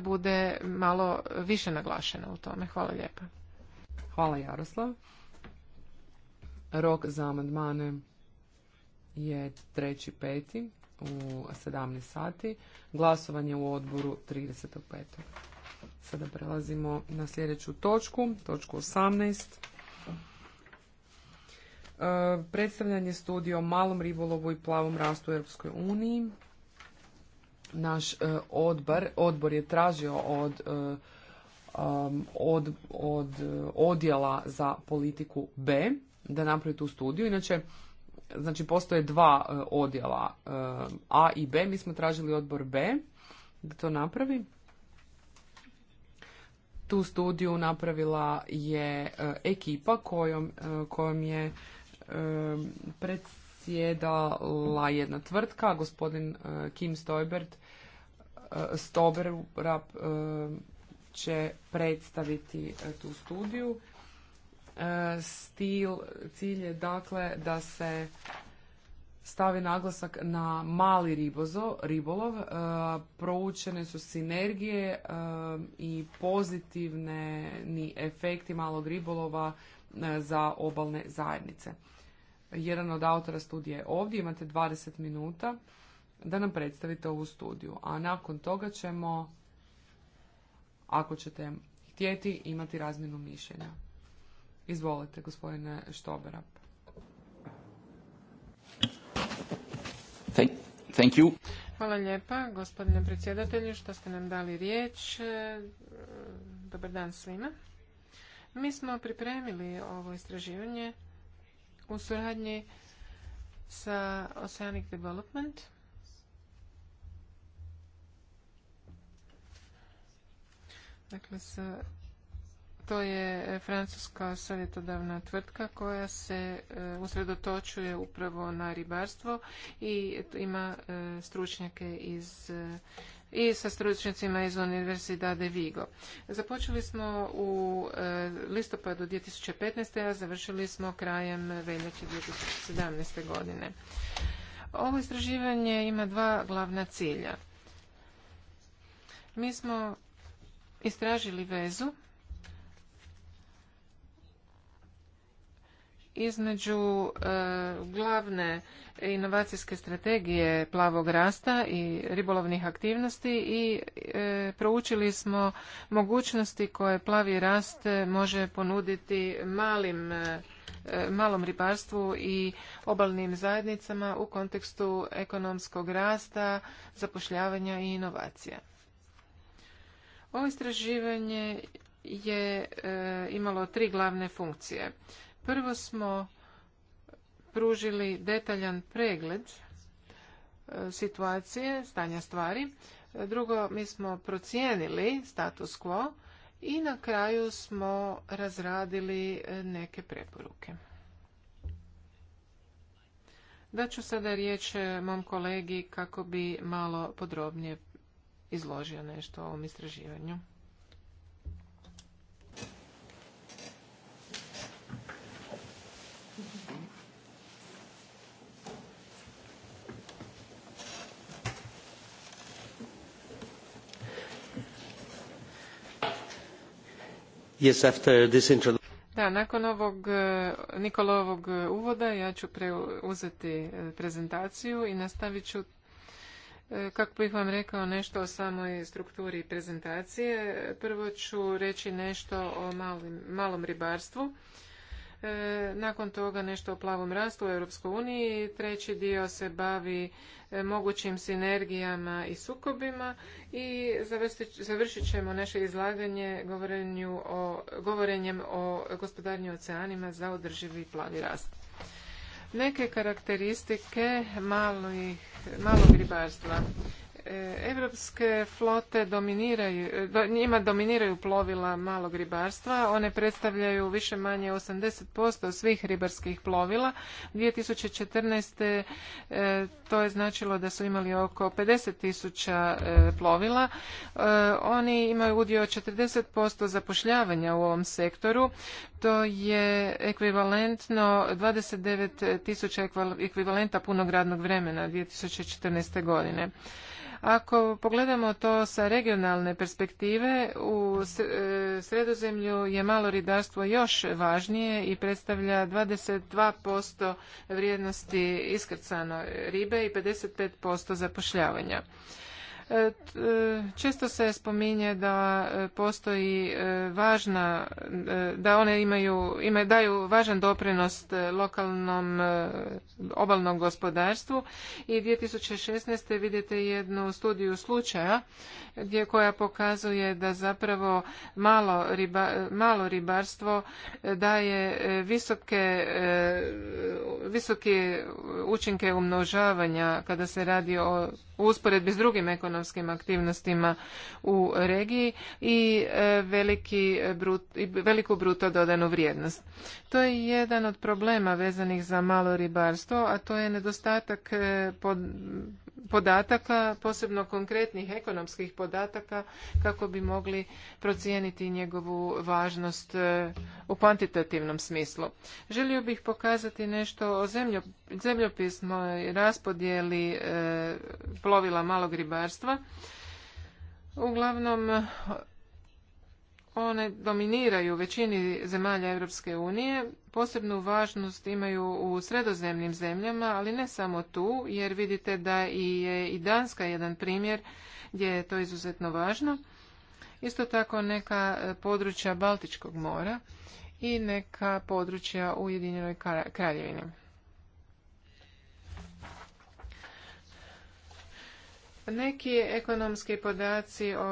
bude malo više naglašena u tome. Hvala lijepa. Hvala Jaroslav. Rok za amandmane je peti u 17 sati, glasovanje u odboru 35. Sada prelazimo na sljedeću točku, točku 18. E, predstavljanje studija o malom ribolovu i plavom rastu u Europskoj uniji. Naš e, odbor, odbor je tražio od e, um, od, od odjela za politiku B da napravi tu studiju. Inače, znači postoje dva e, odjela e, A i B. Mi smo tražili odbor B da to napravi. Tu studiju napravila je e, ekipa kojom, kojom je predsjedala jedna tvrtka, gospodin Kim Stoibert Stober će predstaviti tu studiju. E, stil, cilj je dakle da se stavi naglasak na mali ribozo, ribolov, e, proučene su sinergije e, i pozitivne ni efekti malog ribolova za obalne zajednice. Jedan od autora studije je ovdje, imate 20 minuta da nam predstavite ovu studiju, a nakon toga ćemo, ako ćete htjeti, imati razmjenu mišljenja. Izvolite, gospodine Štobera. Thank you. Hvala lijepa, gospodine predsjedatelju, što ste nam dali riječ. E, dobar dan svima. Mi smo pripremili ovo istraživanje u suradnji sa Oceanic Development. Dakle, sa to je e, francuska savjetodavna tvrtka koja se e, usredotočuje upravo na ribarstvo i ima e, stručnjake iz i sa stručnjacima iz Universidade Vigo. Započeli smo u listopadu 2015. a završili smo krajem veljače 2017. godine. Ovo istraživanje ima dva glavna cilja. Mi smo istražili vezu između e, glavne inovacijske strategije plavog rasta i ribolovnih aktivnosti i e, proučili smo mogućnosti koje plavi rast može ponuditi malim e, malom ribarstvu i obalnim zajednicama u kontekstu ekonomskog rasta, zapošljavanja i inovacija. Ovo istraživanje je imalo tri glavne funkcije. Prvo smo pružili detaljan pregled e, situacije, stanja stvari. Drugo, mi smo procijenili status quo i na kraju smo razradili e, neke preporuke. Daću ću sada riječ e, mom kolegi kako bi malo podrobnije izložio nešto o ovom istraživanju. da, nakon ovog e, Nikolovog e, uvoda ja ću preuzeti e, prezentaciju i nastavit ću kako bih vam rekao nešto o samoj strukturi prezentacije. Prvo ću reći nešto o malom ribarstvu E, nakon toga nešto o plavom rastu u Europskoj uniji, treći dio se bavi e, mogućim sinergijama i sukobima i završit ćemo naše izlaganje o, govorenjem o gospodarenju oceanima za održivi plavi rast. Neke karakteristike malih, malog ribarstva. E, evropske flote dominiraju, e, njima dominiraju plovila malog ribarstva. One predstavljaju više manje 80% svih ribarskih plovila. 2014. E, to je značilo da su imali oko 50.000 tisuća plovila. Oni imaju udio 40% zapošljavanja u ovom sektoru. To je ekvivalentno 29 tisuća ekvivalenta punog radnog vremena 2014. godine. Ako pogledamo to sa regionalne perspektive, u e, sredozemlju je malo ridarstvo još važnije i predstavlja 22% vrijednosti iskrcano ribe i 55% zapošljavanja. E, e, često se spominje da e, postoji važna, da one imaju, imaju daju važan doprinos lokalnom obalnom gospodarstvu i 2016. vidite jednu studiju slučaja gdje koja pokazuje da zapravo malo, malo ribarstvo daje visoke, visoke učinke umnožavanja kada se radi o usporedbi s drugim ekonomijom ekonomskim aktivnostima u regiji e, e, i veliku bruto dodanu vrijednost. To je jedan od problema vezanih za malo ribarstvo, a to je nedostatak e, pod podataka, posebno konkretnih ekonomskih podataka kako bi mogli procijeniti njegovu važnost e, u kvantitativnom smislu. Želio bih pokazati nešto o zemljopisnoj raspodjeli e, plovila malog ribarstva. Uglavnom one dominiraju u većini zemalja Europske unije, posebnu važnost imaju u sredozemnim zemljama, ali ne samo tu, jer vidite da i je i Danska jedan primjer gdje je to izuzetno važno. Isto tako neka e, područja Baltičkog mora i neka područja Ujedinjenoj kraljevini. Neki ekonomski podaci o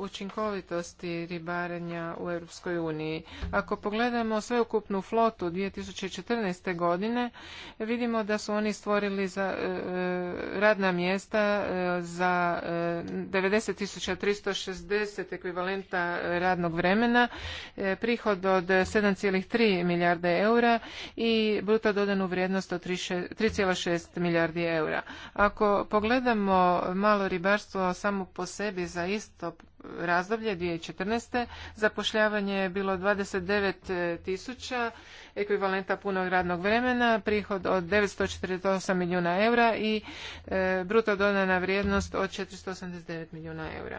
učinkovitosti ribarenja u Europskoj uniji. Ako pogledamo sveukupnu flotu 2014. godine, vidimo da su oni stvorili za e, e, radna mjesta e, za 90.360 e, ekvivalenta radnog vremena, prihod od 7,3 milijarde eura i bruto dodanu vrijednost od 3,6 milijardi eura. Ako pogledamo malo ribarstvo samo po sebi za isto razdoblje 2014. Zapošljavanje je bilo 29 tisuća ekvivalenta punog radnog vremena, prihod od 948 milijuna eura i e, bruto dodana vrijednost od 489 milijuna eura.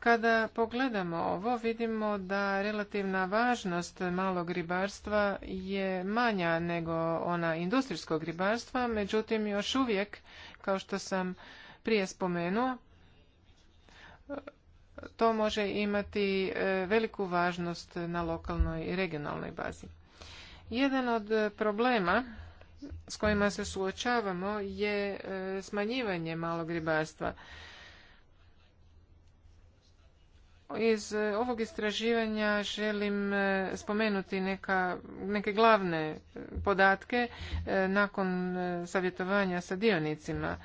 Kada pogledamo ovo, vidimo da relativna važnost malog ribarstva je manja nego ona industrijskog ribarstva, međutim još uvijek kao što sam prije spomenuo, to može imati e, veliku važnost na lokalnoj i regionalnoj bazi. Jedan od problema s kojima se suočavamo je e, smanjivanje malog ribarstva iz e, ovog istraživanja želim e, spomenuti neka, neke glavne e, podatke nakon savjetovanja sa dionicima.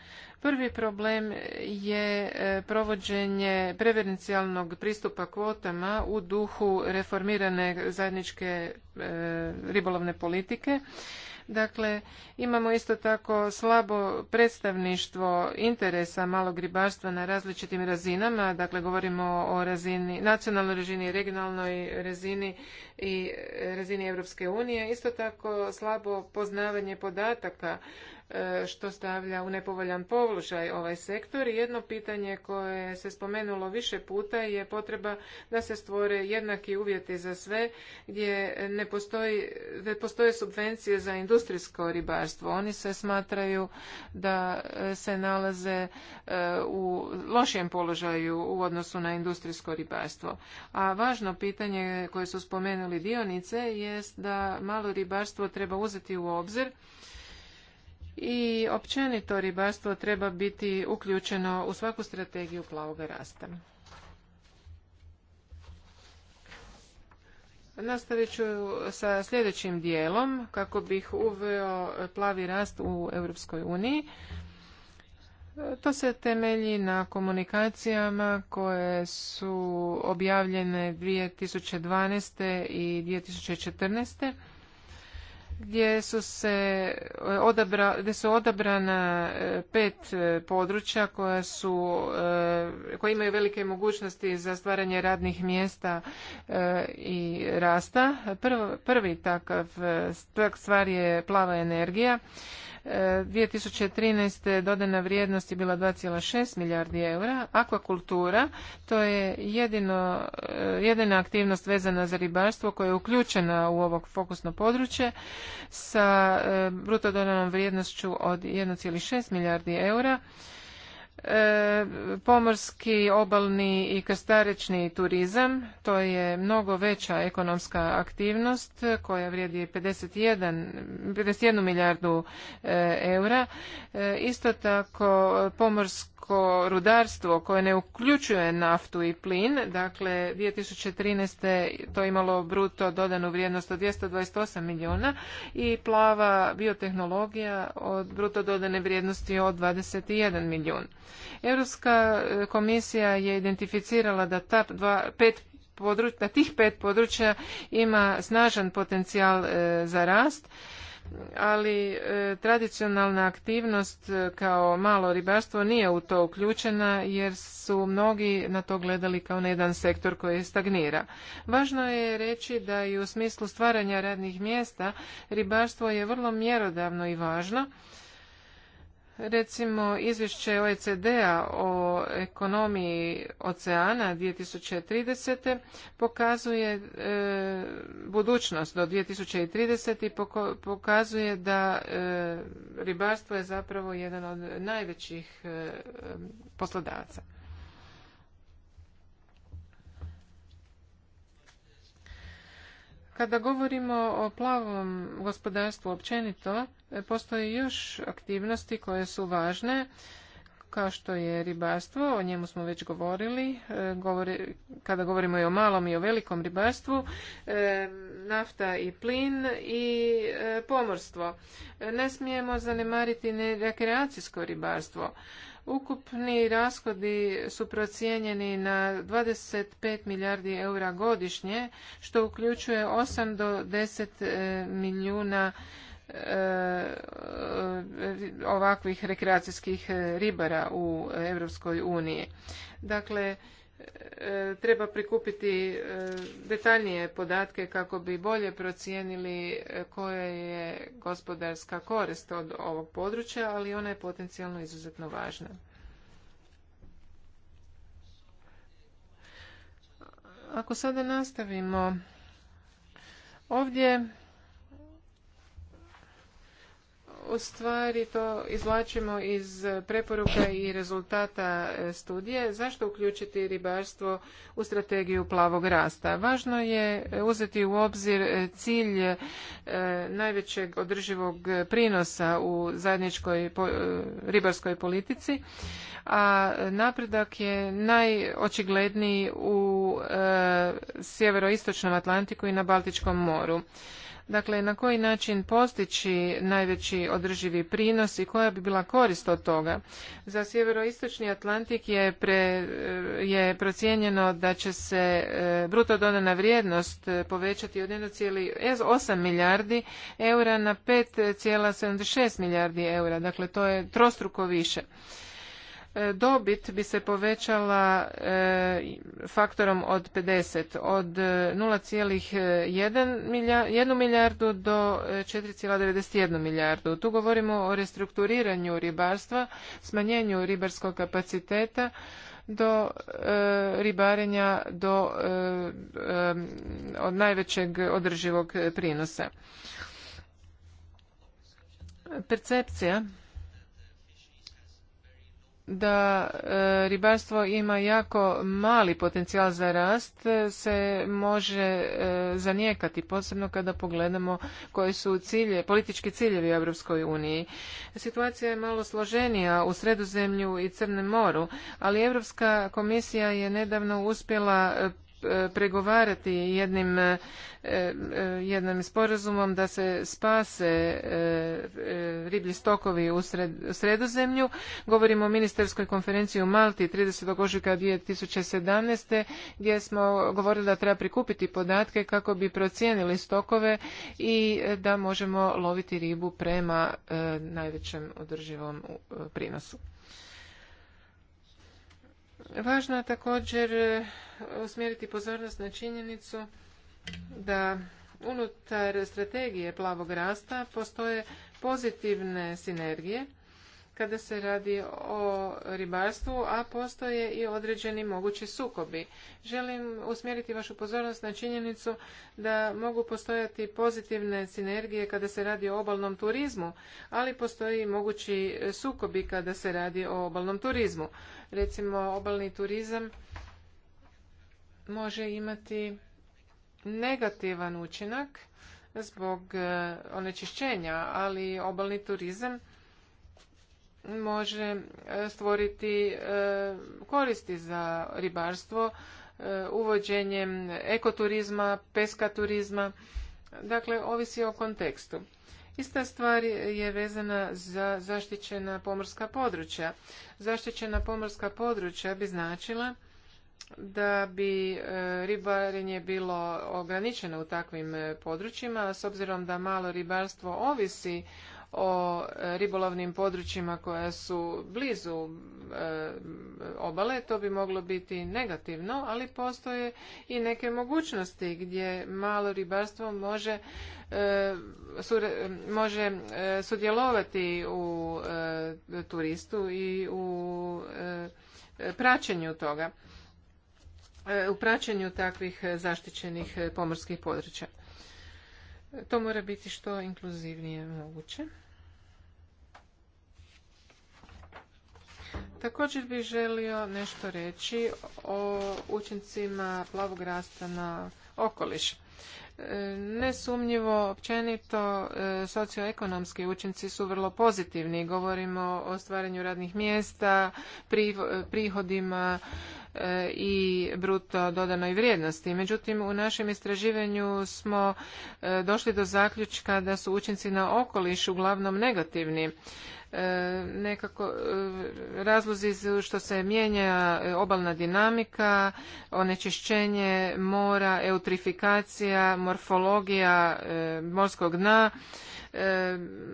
Prvi problem je provođenje prevencijalnog pristupa kvotama u duhu reformirane zajedničke ribolovne politike Dakle, imamo isto tako slabo predstavništvo interesa malog ribarstva na različitim razinama, dakle govorimo o razini, nacionalnoj razini, regionalnoj razini i razini Europske unije. Isto tako slabo poznavanje podataka E, što stavlja u nepovoljan položaj ovaj sektor. Jedno pitanje koje se spomenulo više puta je potreba da se stvore jednaki uvjeti za sve gdje ne postoji, ne postoje subvencije za industrijsko ribarstvo. Oni se smatraju da e, se nalaze e, u lošem položaju u odnosu na industrijsko ribarstvo. A važno pitanje koje su spomenuli dionice jest da malo ribarstvo treba uzeti u obzir i općenito ribarstvo treba biti uključeno u svaku strategiju plavoga rasta. Nastavit ću sa sljedećim dijelom kako bih uveo plavi rast u Europskoj uniji. To se temelji na komunikacijama koje su objavljene 2012. i 2014 gdje su se gdje su odabrana e, pet e, područja koja su e, koja imaju velike mogućnosti za stvaranje radnih mjesta i rasta. Prvi takav stvar je plava energija 2013. dodana vrijednost je bila 2,6 milijardi eura. Akvakultura, to je jedino, e, jedina aktivnost vezana za ribarstvo koja je uključena u ovo fokusno područje sa e, bruto dodanom vrijednošću od 1,6 milijardi eura E, pomorski, obalni i krstarični turizam. To je mnogo veća ekonomska aktivnost koja vrijedi 51, 51 milijardu e, eura. E, isto tako pomorsko rudarstvo koje ne uključuje naftu i plin. Dakle, 2013. to imalo bruto dodanu vrijednost od 228 milijuna i plava biotehnologija od bruto dodane vrijednosti od 21 milijun. Europska e, komisija je identificirala da ta dva, pet tih pet područja ima snažan potencijal e, za rast ali e, tradicionalna aktivnost kao malo ribarstvo nije u to uključena jer su mnogi na to gledali kao na jedan sektor koji stagnira. Važno je reći da i u smislu stvaranja radnih mjesta ribarstvo je vrlo mjerodavno i važno Recimo izvješće OECD-a o ekonomiji oceana 2030. pokazuje e, budućnost do 2030. i pokazuje da e, ribarstvo je zapravo jedan od najvećih e, poslodavaca. Kada govorimo o plavom gospodarstvu općenito, E, postoje još aktivnosti koje su važne kao što je ribarstvo, o njemu smo već govorili, e, kada govorimo i o malom i o velikom ribarstvu, e, nafta i plin i pomorstvo. Ne smijemo zanemariti ni rekreacijsko ribarstvo. Ukupni rashodi su procijenjeni na 25 milijardi eura godišnje, što uključuje 8 do 10 milijuna E, e, ovakvih rekreacijskih ribara u Europskoj uniji. Dakle, e, treba prikupiti detaljnije podatke kako bi bolje procijenili koja je gospodarska korist od ovog područja, ali ona je potencijalno izuzetno važna. Ako sada nastavimo, ovdje u stvari to izvlačimo iz preporuka i rezultata e, studije zašto uključiti ribarstvo u strategiju plavog rasta. Važno je e, uzeti u obzir e, cilj najvećeg održivog prinosa u zajedničkoj ribarskoj politici, a napredak je najočigledniji u sjeveroistočnom Atlantiku i na Baltičkom moru. Dakle, na koji način postići najveći održivi prinos i koja bi bila korist od toga? Za sjeveroistočni Atlantik je, pre, je procijenjeno da će se e, bruto dodana vrijednost e, povećati od 1,8 milijardi eura na 5,76 milijardi eura. Dakle, to je trostruko više. E, dobit bi se povećala e, faktorom od 50, od 0,1 e, milijardu do 4,91 milijardu. Tu govorimo o restrukturiranju ribarstva, smanjenju ribarskog kapaciteta do ribarenja do od najvećeg održivog prinosa. Percepcija da e, ribarstvo ima jako mali potencijal za rast e, se može e, zanijekati posebno kada pogledamo koji su cilje, politički ciljevi u Europskoj uniji. Situacija je malo složenija u Sredozemlju i Crnem moru, ali Europska komisija je nedavno uspjela pregovarati jednim, e, e, jednim sporazumom da se spase e, riblji stokovi u sredozemlju. Govorimo o ministarskoj konferenciji u Malti 30. ožujka 2017. gdje smo govorili da treba prikupiti podatke kako bi procijenili stokove i da možemo loviti ribu prema najvećem održivom prinosu. Važno je također e, usmjeriti pozornost na činjenicu da unutar strategije plavog rasta postoje pozitivne sinergije kada se radi o ribarstvu, a postoje i određeni mogući sukobi. Želim usmjeriti vašu pozornost na činjenicu da mogu postojati pozitivne sinergije kada se radi o obalnom turizmu, ali postoji i mogući sukobi kada se radi o obalnom turizmu recimo obalni turizam može imati negativan učinak zbog e, onečišćenja, ali obalni turizam može e, stvoriti e, koristi za ribarstvo uvođenjem ekoturizma, peska turizma, dakle ovisi o kontekstu. Ista stvar je vezana za zaštićena pomorska područja. Zaštićena pomorska područja bi značila da bi e, ribarenje bilo ograničeno u takvim e, područjima, a s obzirom da malo ribarstvo ovisi o e, ribolovnim područjima koja su blizu e, obale, to bi moglo biti negativno, ali postoje i neke mogućnosti gdje malo ribarstvo može, e, može sudjelovati u turistu i u praćenju toga, u praćenju takvih zaštićenih pomorskih područja. To mora biti što inkluzivnije moguće. Također bih želio nešto reći o učincima plavog rasta na okoliš. E, nesumnjivo, općenito, e, socioekonomski učinci su vrlo pozitivni. Govorimo o stvaranju radnih mjesta, prihodima, E, i bruto dodanoj vrijednosti. Međutim, u našem istraživanju smo e, došli do zaključka da su učinci na okoliš uglavnom negativni. E, nekako razlozi što se mijenja obalna dinamika, onečišćenje mora, eutrifikacija, morfologija morskog dna,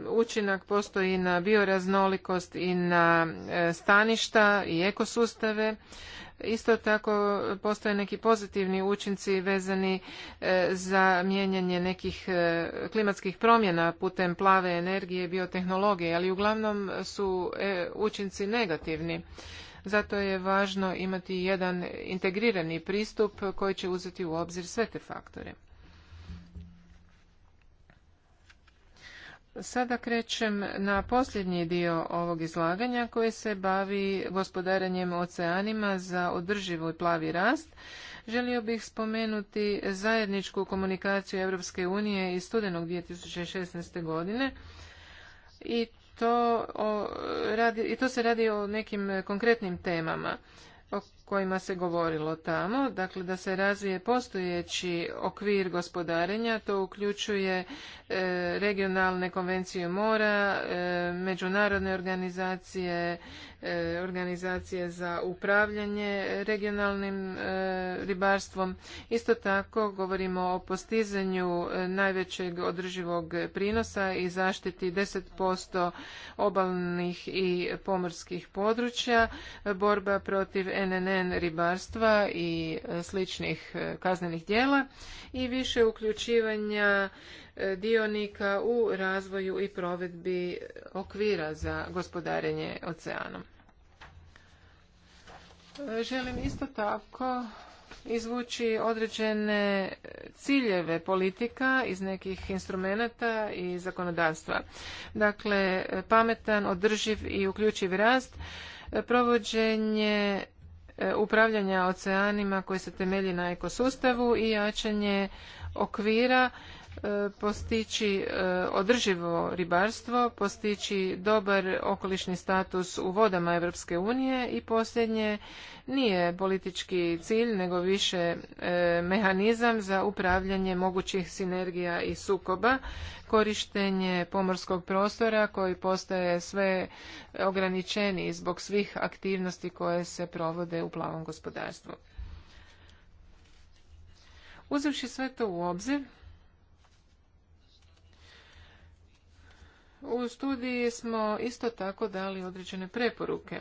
učinak postoji na bioraznolikost i na staništa i ekosustave. Isto tako postoje neki pozitivni učinci vezani e, za mijenjanje nekih e, klimatskih promjena putem plave energije i biotehnologije, ali uglavnom su e, učinci negativni. Zato je važno imati jedan integrirani pristup koji će uzeti u obzir sve te faktore. Sada krećem na posljednji dio ovog izlaganja koji se bavi gospodarenjem oceanima za održivo i plavi rast. Želio bih spomenuti zajedničku komunikaciju Europske unije iz studenog 2016. godine i to, radi, i to se radi o nekim konkretnim temama kojima se govorilo tamo, dakle da se razvije postojeći okvir gospodarenja, to uključuje e, regionalne konvencije mora, e, međunarodne organizacije, e, organizacije za upravljanje regionalnim ribarstvom. Isto tako govorimo o postizanju najvećeg održivog prinosa i zaštiti 10% obalnih i pomorskih područja, borba protiv NNN ribarstva i e, sličnih e, kaznenih djela i više uključivanja e, dionika u razvoju i provedbi okvira za gospodarenje oceanom. Želim isto tako izvući određene ciljeve politika iz nekih instrumenata i zakonodavstva. Dakle, pametan, održiv i uključiv rast, provođenje E, upravljanja oceanima koji se temelji na ekosustavu i jačanje okvira E, postići e, održivo ribarstvo, postići dobar okolišni status u vodama Europske unije i posljednje nije politički cilj nego više e, mehanizam za upravljanje mogućih sinergija i sukoba, korištenje pomorskog prostora koji postaje sve ograničeniji zbog svih aktivnosti koje se provode u plavom gospodarstvu. Uzevši sve to u obzir, U studiji smo isto tako dali određene preporuke.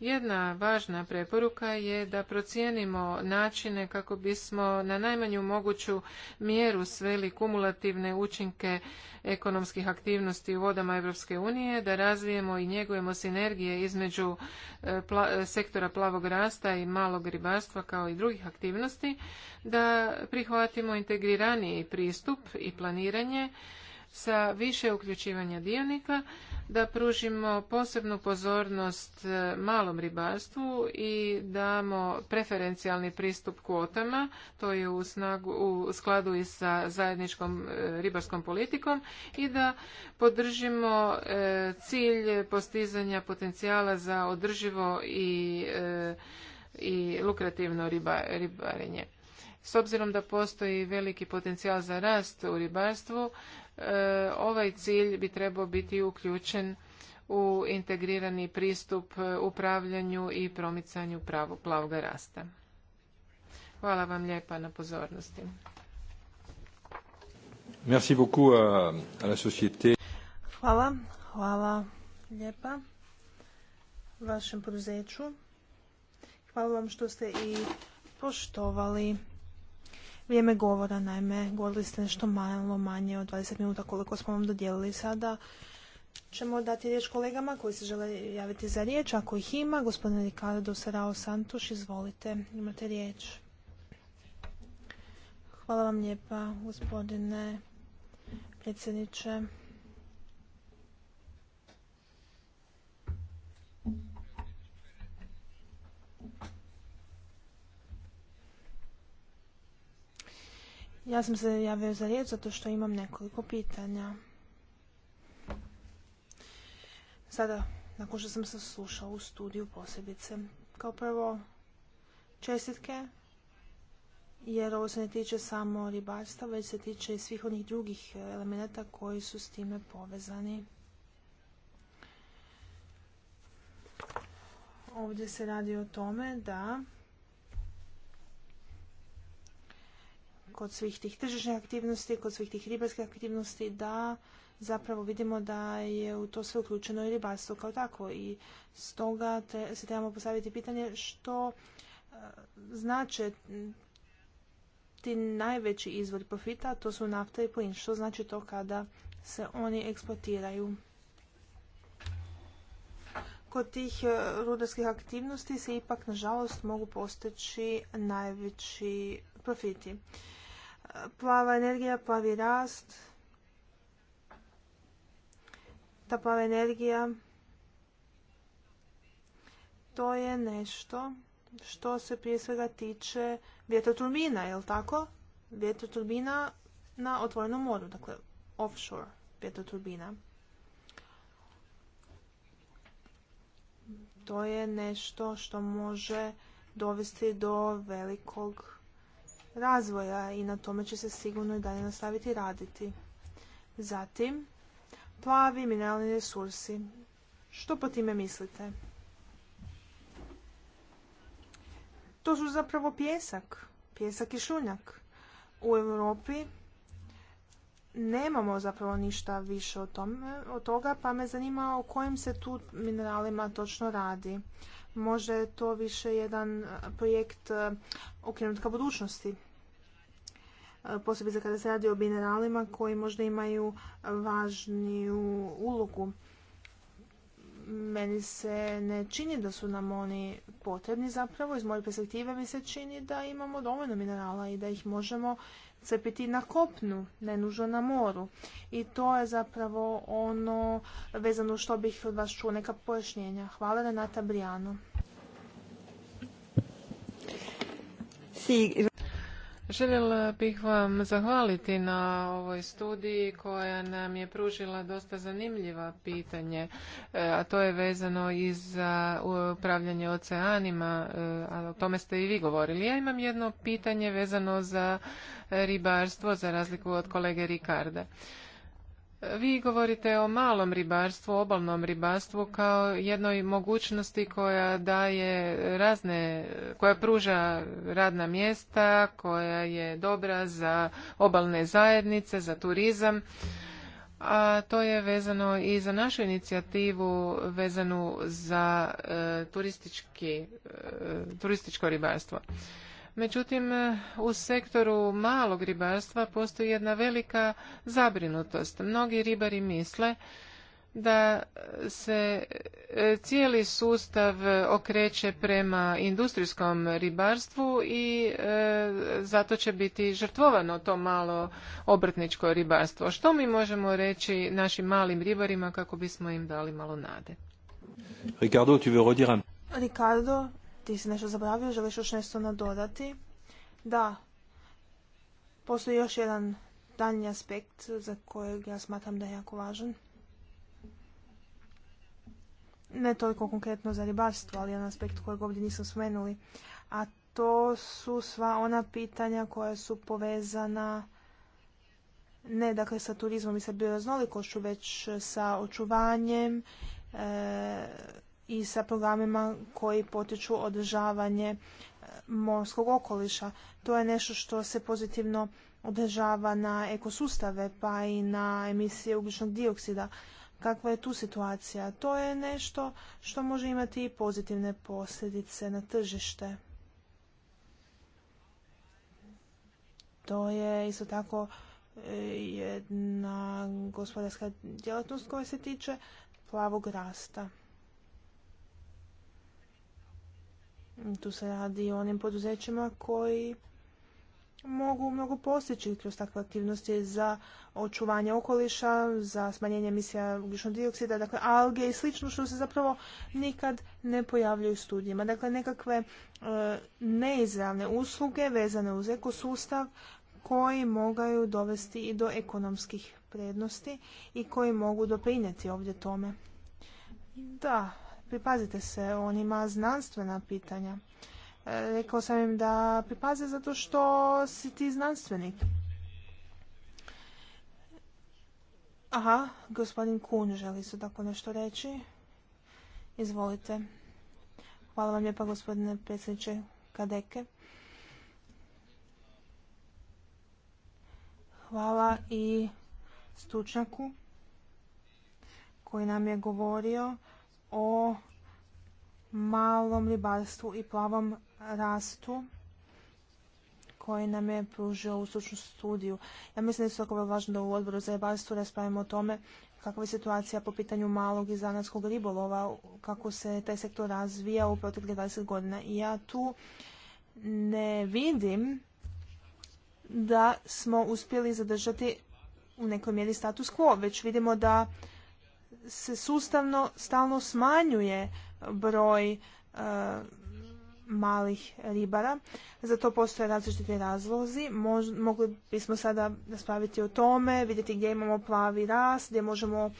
Jedna važna preporuka je da procijenimo načine kako bismo na najmanju moguću mjeru sveli kumulativne učinke ekonomskih aktivnosti u vodama Europske unije, da razvijemo i njegujemo sinergije između e, sektora plavog rasta i malog ribarstva kao i drugih aktivnosti, da prihvatimo integriraniji pristup i planiranje, sa više uključivanja dionika, da pružimo posebnu pozornost e, malom ribarstvu i damo preferencijalni pristup kvotama, to je u, snagu, u skladu i sa zajedničkom e, ribarskom politikom i da podržimo e, cilj postizanja potencijala za održivo i, i lukrativno riba, ribarenje. S obzirom da postoji veliki potencijal za rast u ribarstvu, E, ovaj cilj bi trebao biti uključen u integrirani pristup e, upravljanju i promicanju pravog plavog rasta. Hvala vam lijepa na pozornosti. Merci beaucoup à, la société. Hvala, hvala lijepa vašem poduzeću. Hvala vam što ste i poštovali vrijeme govora. Naime, govorili ste nešto malo manje od 20 minuta koliko smo vam dodijelili sada. Čemo dati riječ kolegama koji se žele javiti za riječ. Ako ih ima, gospodin Ricardo Sarao, Santuš, izvolite, imate riječ. Hvala vam lijepa, gospodine predsjedniče. Ja sam se javio za riječ zato što imam nekoliko pitanja. Sada, nakon što sam se slušao u studiju posebice. Kao prvo, čestitke, jer ovo se ne tiče samo ribarstva, već se tiče i svih onih drugih elemenata koji su s time povezani. Ovdje se radi o tome da kod svih tih tržišnih aktivnosti, kod svih tih ribarskih aktivnosti, da zapravo vidimo da je u to sve uključeno i ribarstvo kao tako. I stoga se trebamo postaviti pitanje što e, znače ti najveći izvori profita, to su nafta i plin. Što znači to kada se oni eksploatiraju? Kod tih e, rudarskih aktivnosti se ipak, nažalost, mogu postići najveći profiti plava energija, plavi rast, ta plava energija, to je nešto što se prije svega tiče vjetroturbina, je li tako? Vjetroturbina na otvorenom moru, dakle offshore vjetroturbina. To je nešto što može dovesti do velikog razvoja i na tome će se sigurno i dalje nastaviti raditi. Zatim, plavi mineralni resursi. Što po time mislite? To su zapravo pjesak, pjesak i šunjak. U Europi nemamo zapravo ništa više o, tome, o toga, pa me zanima o kojim se tu mineralima točno radi. Može to više jedan projekt eh, okrenut ka budućnosti posebice kada se radi o mineralima koji možda imaju važniju ulogu. Meni se ne čini da su nam oni potrebni zapravo, iz moje perspektive mi se čini da imamo dovoljno minerala i da ih možemo crpiti na kopnu, ne nužno na moru. I to je zapravo ono vezano što bih od vas čuo, neka pojašnjenja. Hvala Renata Brijano. Željela bih vam zahvaliti na ovoj studiji koja nam je pružila dosta zanimljiva pitanje, e, a to je vezano i za upravljanje oceanima, e, a o tome ste i vi govorili. Ja imam jedno pitanje vezano za ribarstvo, za razliku od kolege Rikarda. Vi govorite o malom ribarstvu, obalnom ribarstvu kao jednoj mogućnosti koja daje razne, koja pruža radna mjesta, koja je dobra za obalne zajednice, za turizam. A to je vezano i za našu inicijativu vezanu za e, turistički, e, turističko ribarstvo. Međutim, u sektoru malog ribarstva postoji jedna velika zabrinutost. Mnogi ribari misle da se e, cijeli sustav okreće prema industrijskom ribarstvu i e, zato će biti žrtvovano to malo obrtničko ribarstvo. Što mi možemo reći našim malim ribarima kako bismo im dali malo nade? Ricardo, ti si nešto zaboravio, želiš još nešto nadodati? Da, postoji još jedan daljnji aspekt za kojeg ja smatram da je jako važan. Ne toliko konkretno za ribarstvo, ali jedan aspekt kojeg ovdje nisam spomenuli. A to su sva ona pitanja koja su povezana ne dakle sa turizmom i sa bioraznolikošću, već sa očuvanjem, e, i sa programima koji potiču održavanje e, morskog okoliša. To je nešto što se pozitivno održava na ekosustave pa i na emisije ugljičnog dioksida. Kakva je tu situacija? To je nešto što može imati i pozitivne posljedice na tržište. To je isto tako e, jedna gospodarska djelatnost koja se tiče plavog rasta. Tu se radi o onim poduzećima koji mogu mnogo postići kroz takve aktivnosti za očuvanje okoliša, za smanjenje emisija ugljičnog dioksida, dakle alge i slično što se zapravo nikad ne pojavljaju u studijima. Dakle, nekakve e, neizravne usluge vezane uz ekosustav koji mogaju dovesti i do ekonomskih prednosti i koji mogu doprinijeti ovdje tome. Da, pripazite se, on ima znanstvena pitanja. E, rekao sam im da pripaze zato što si ti znanstvenik. Aha, gospodin Kun želi su tako nešto reći. Izvolite. Hvala vam lijepa gospodine predsjedniče Kadeke. Hvala i Stučnjaku koji nam je govorio o malom ribarstvu i plavom rastu koji nam je pružio u stručnu studiju. Ja mislim da je svakako važno da u odboru za ribarstvo raspravimo o tome kakva je situacija po pitanju malog i zanatskog ribolova, kako se taj sektor razvija u proteklih 20 godina. I ja tu ne vidim da smo uspjeli zadržati u nekoj mjeri status quo, već vidimo da se sustavno stalno smanjuje broj e, malih ribara. Za to postoje različiti razlozi. mogli bismo sada raspraviti o tome, vidjeti gdje imamo plavi rast, gdje možemo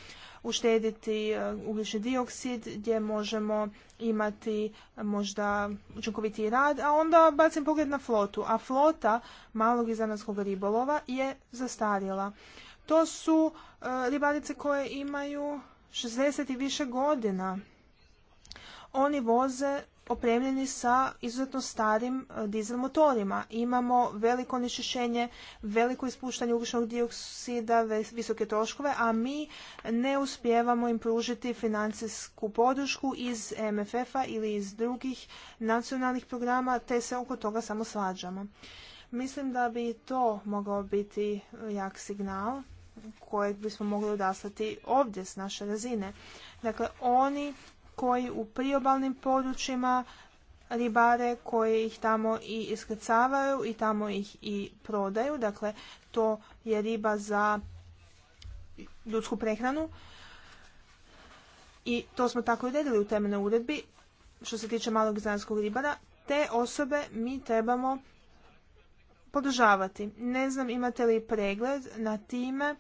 uštediti e, ugljični dioksid, gdje možemo imati možda učinkovitiji rad, a onda bacim pogled na flotu. A flota malog izanadskog ribolova je zastarjela. To su e, ribarice koje imaju 60 i više godina. Oni voze opremljeni sa izuzetno starim e, dizel motorima. Imamo veliko onečišćenje, veliko ispuštanje ugljičnog dioksida, visoke troškove, a mi ne uspijevamo im pružiti financijsku podršku iz MFF-a ili iz drugih nacionalnih programa, te se oko toga samo svađamo. Mislim da bi to mogao biti jak signal kojeg bismo mogli odaslati ovdje s naše razine. Dakle, oni koji u priobalnim područjima ribare koji ih tamo i iskrcavaju i tamo ih i prodaju. Dakle, to je riba za ljudsku prehranu. I to smo tako i redili u temeljnoj uredbi što se tiče malog zanskog ribara. Te osobe mi trebamo podržavati. Ne znam imate li pregled na time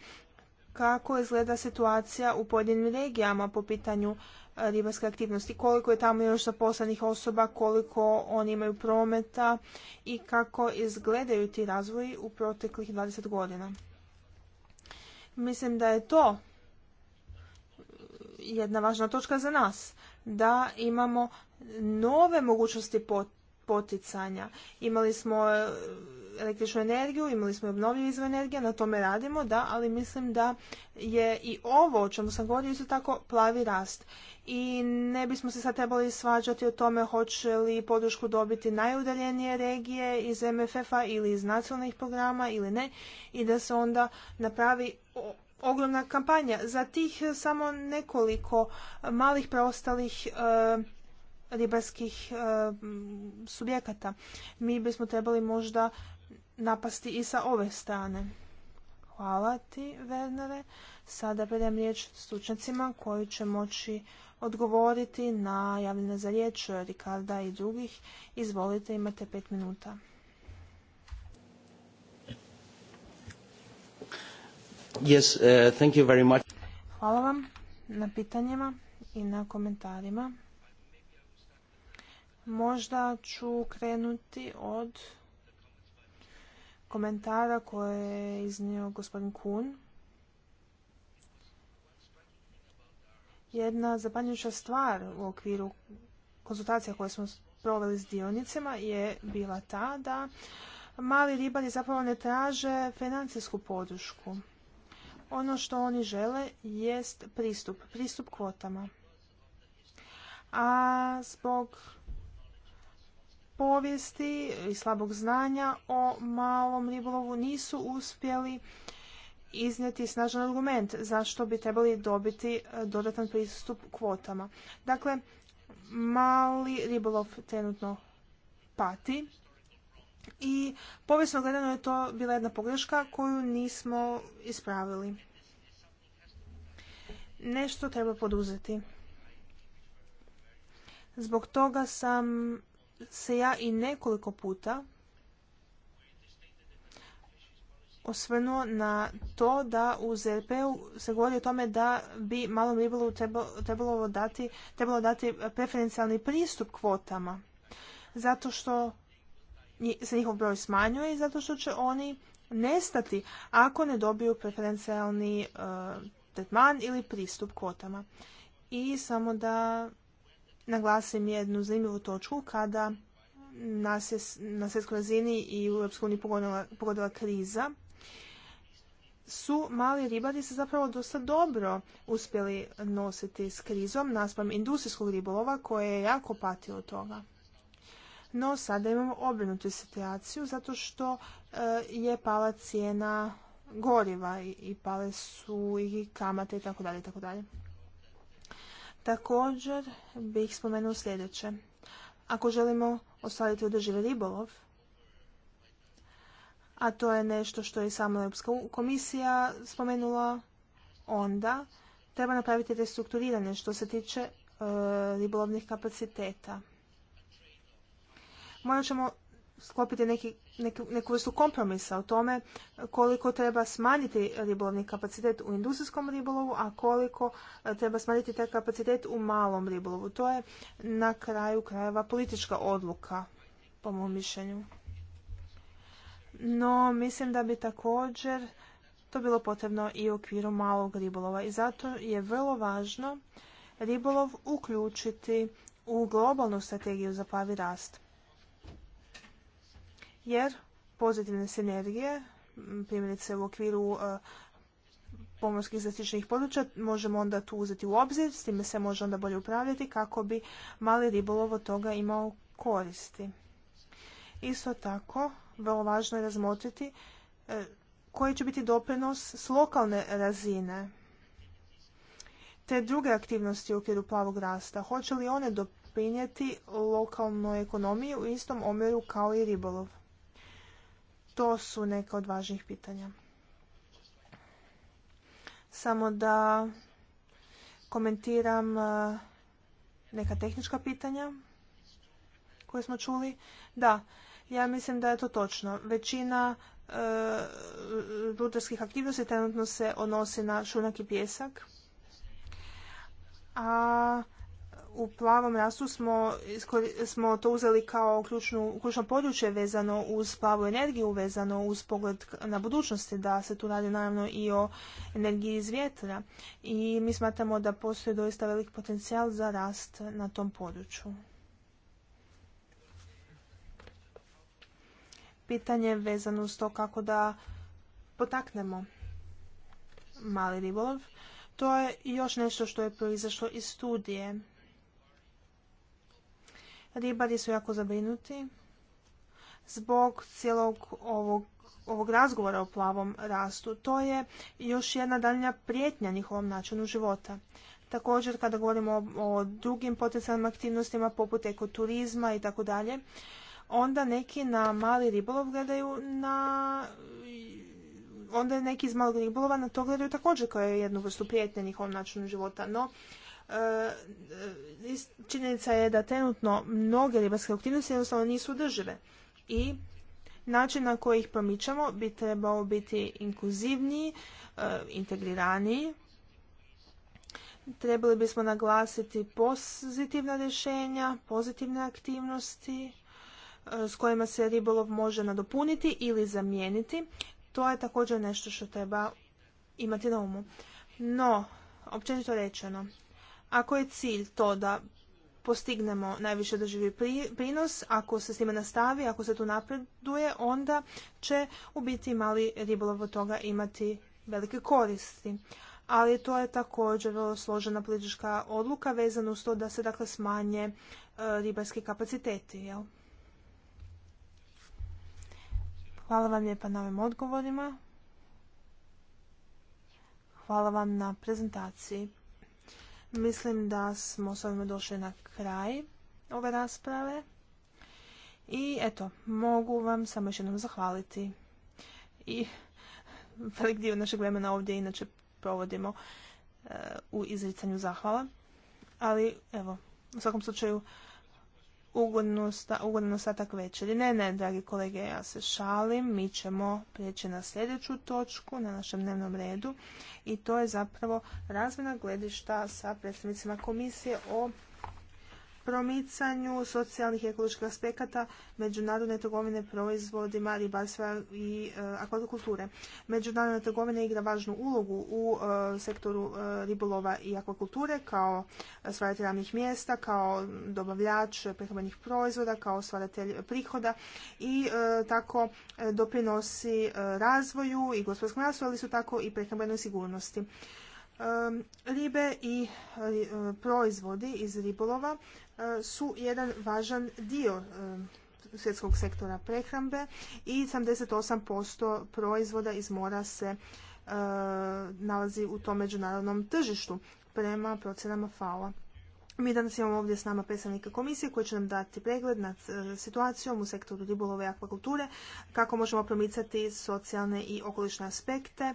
kako izgleda situacija u pojedinim regijama po pitanju e, ribarske aktivnosti, koliko je tamo još zaposlenih osoba, koliko oni imaju prometa i kako izgledaju ti razvoji u proteklih 20 godina. Mislim da je to jedna važna točka za nas, da imamo nove mogućnosti poticanja. Imali smo e, električnu energiju, imali smo obnovljive izvore energije, na tome radimo, da, ali mislim da je i ovo o čemu sam govorio isto tako plavi rast. I ne bismo se sad trebali svađati o tome hoće li podršku dobiti najudaljenije regije iz MFF-a ili iz nacionalnih programa ili ne i da se onda napravi ogromna kampanja za tih samo nekoliko malih preostalih e, ribarskih e, subjekata. Mi bismo trebali možda napasti i sa ove strane. Hvala ti, Vernere. Sada predajem riječ stručnjacima koji će moći odgovoriti na javljene za riječ Rikarda i drugih. Izvolite, imate pet minuta. Uh, Hvala vam na pitanjima i na komentarima. Možda ću krenuti od komentara koje je iznio gospodin Kun. Jedna zapanjujuća stvar u okviru konzultacija koje smo proveli s dionicima je bila ta da mali ribari zapravo ne traže financijsku podršku. Ono što oni žele jest pristup, pristup kvotama. A zbog povijesti i slabog znanja o malom ribolovu nisu uspjeli iznijeti snažan argument zašto bi trebali dobiti e, dodatan pristup kvotama. Dakle, mali ribolov trenutno pati i povijesno gledano je to bila jedna pogreška koju nismo ispravili. Nešto treba poduzeti. Zbog toga sam se ja i nekoliko puta osvrnuo na to da u ZRP-u se govori o tome da bi malom ribolovu trebalo dati, trebalo dati preferencijalni pristup kvotama. Zato što se njihov broj smanjuje i zato što će oni nestati ako ne dobiju preferencijalni uh, tretman ili pristup kvotama. I samo da naglasim jednu zanimljivu točku kada nas je na svjetskoj razini i u EU pogodila, pogodila kriza su mali ribari se zapravo dosta dobro uspjeli nositi s krizom naspram industrijskog ribolova koje je jako patio od toga. No sada imamo obrnutu situaciju zato što e, je pala cijena goriva i, pale su i kamate i tako dalje tako dalje. Također bih spomenuo sljedeće. Ako želimo ostvariti održiv ribolov, a to je nešto što je sama Europska komisija spomenula, onda treba napraviti restrukturiranje što se tiče e, ribolovnih kapaciteta. Morat ćemo sklopiti neki, neki, neku vrstu kompromisa o tome koliko treba smanjiti ribolovni kapacitet u industrijskom ribolovu, a koliko e, treba smanjiti taj kapacitet u malom ribolovu. To je na kraju krajeva politička odluka, po mom mišljenju. No, mislim da bi također to bilo potrebno i u okviru malog ribolova i zato je vrlo važno ribolov uključiti u globalnu strategiju za plavi rast jer pozitivne sinergije, primjerice u okviru e, pomorskih zastičnih područja možemo onda tu uzeti u obzir, s time se može onda bolje upravljati kako bi mali ribolov od toga imao koristi. Isto tako, vrlo važno je razmotriti e, koji će biti doprinos s lokalne razine te druge aktivnosti u okviru plavog rasta. Hoće li one doprinijeti lokalnoj ekonomiji u istom omjeru kao i ribolov? to su neka od važnijih pitanja. Samo da komentiram e, neka tehnička pitanja koje smo čuli. Da, ja mislim da je to točno. Većina e, rutarskih aktivnosti trenutno se odnosi na šunak i pjesak. A u plavom rastu smo, smo to uzeli kao ključnu, ključno područje vezano uz plavu energiju, vezano uz pogled na budućnosti, da se tu radi naravno i o energiji iz vjetra. I mi smatramo da postoji doista velik potencijal za rast na tom području. Pitanje vezano uz to kako da potaknemo mali ribolov. To je još nešto što je proizašlo iz studije Ribari su jako zabrinuti zbog cijelog ovog razgovora o plavom rastu. To je još jedna daljnja prijetnja njihovom načinu života. Također, kada govorimo o, o drugim potencijalnim aktivnostima, poput ekoturizma i tako dalje, onda neki na mali ribolov gledaju na... Onda neki iz malog ribolova na to gledaju također kao jednu vrstu prijetnje njihovom načinu života. No, E, e, činjenica je da trenutno mnoge ribarske aktivnosti jednostavno nisu održive i način na koji ih promičamo bi trebao biti inkluzivniji, e, integriraniji. Trebali bismo naglasiti pozitivna rješenja, pozitivne aktivnosti s kojima se ribolov može nadopuniti ili zamijeniti. To je također nešto što treba imati na umu. No, općenito rečeno, ako je cilj to da postignemo najviše održivi prinos, ako se s time nastavi, ako se tu napreduje, onda će u biti mali ribolov od toga imati velike koristi. Ali to je također vrlo složena politička odluka vezana uz to da se dakle smanje e, ribarski kapaciteti. Jel? Hvala vam lijepa na ovim odgovorima. Hvala vam na prezentaciji. Mislim da smo s ovime došli na kraj ove rasprave. I eto, mogu vam samo još jednom zahvaliti. I velik dio našeg vremena ovdje inače provodimo e, u izricanju zahvala. Ali evo, u svakom slučaju ugodan ostatak večeri. Ne, ne, dragi kolege, ja se šalim. Mi ćemo prijeći na sljedeću točku na našem dnevnom redu i to je zapravo razmjena gledišta sa predstavnicima komisije o promicanju socijalnih i ekoloških aspekata međunarodne trgovine proizvodima ribarstva i e, akvakulture. Međunarodna trgovina igra važnu ulogu u e, sektoru e, ribolova i akvakulture kao stvaratelj radnih mjesta, kao dobavljač prehrambenih proizvoda, kao stvaratelj prihoda i tako doprinosi razvoju i gospodarskom rastu, ali su tako i prehrambenoj sigurnosti. Ribe i proizvodi iz ribolova su jedan važan dio e, svjetskog sektora prehrambe i 78% proizvoda iz mora se e, nalazi u tom međunarodnom tržištu prema procenama FAO-a. Mi danas imamo ovdje s nama predstavnika komisije koji će nam dati pregled nad e, situacijom u sektoru ribolove i akvakulture, kako možemo promicati socijalne i okolišne aspekte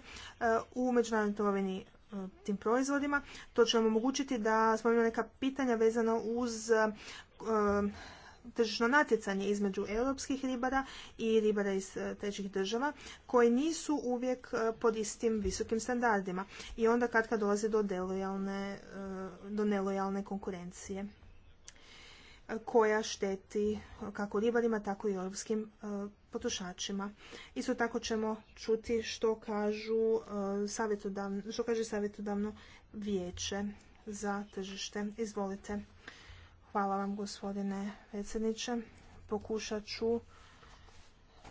u međunarodnoj trgovini E, tim proizvodima. To će vam omogućiti da smo imali neka pitanja vezano uz e, tržišno natjecanje između europskih ribara i ribara iz e, trećih država koji nisu uvijek pod istim visokim standardima i onda kad kad dolazi do, do nelojalne konkurencije koja šteti kako ribarima, tako i europskim e, potrošačima. Isto tako ćemo čuti što, kažu, e, što kaže savjetodavno vijeće za tržište. Izvolite. Hvala vam gospodine predsjedniče. Pokušat ću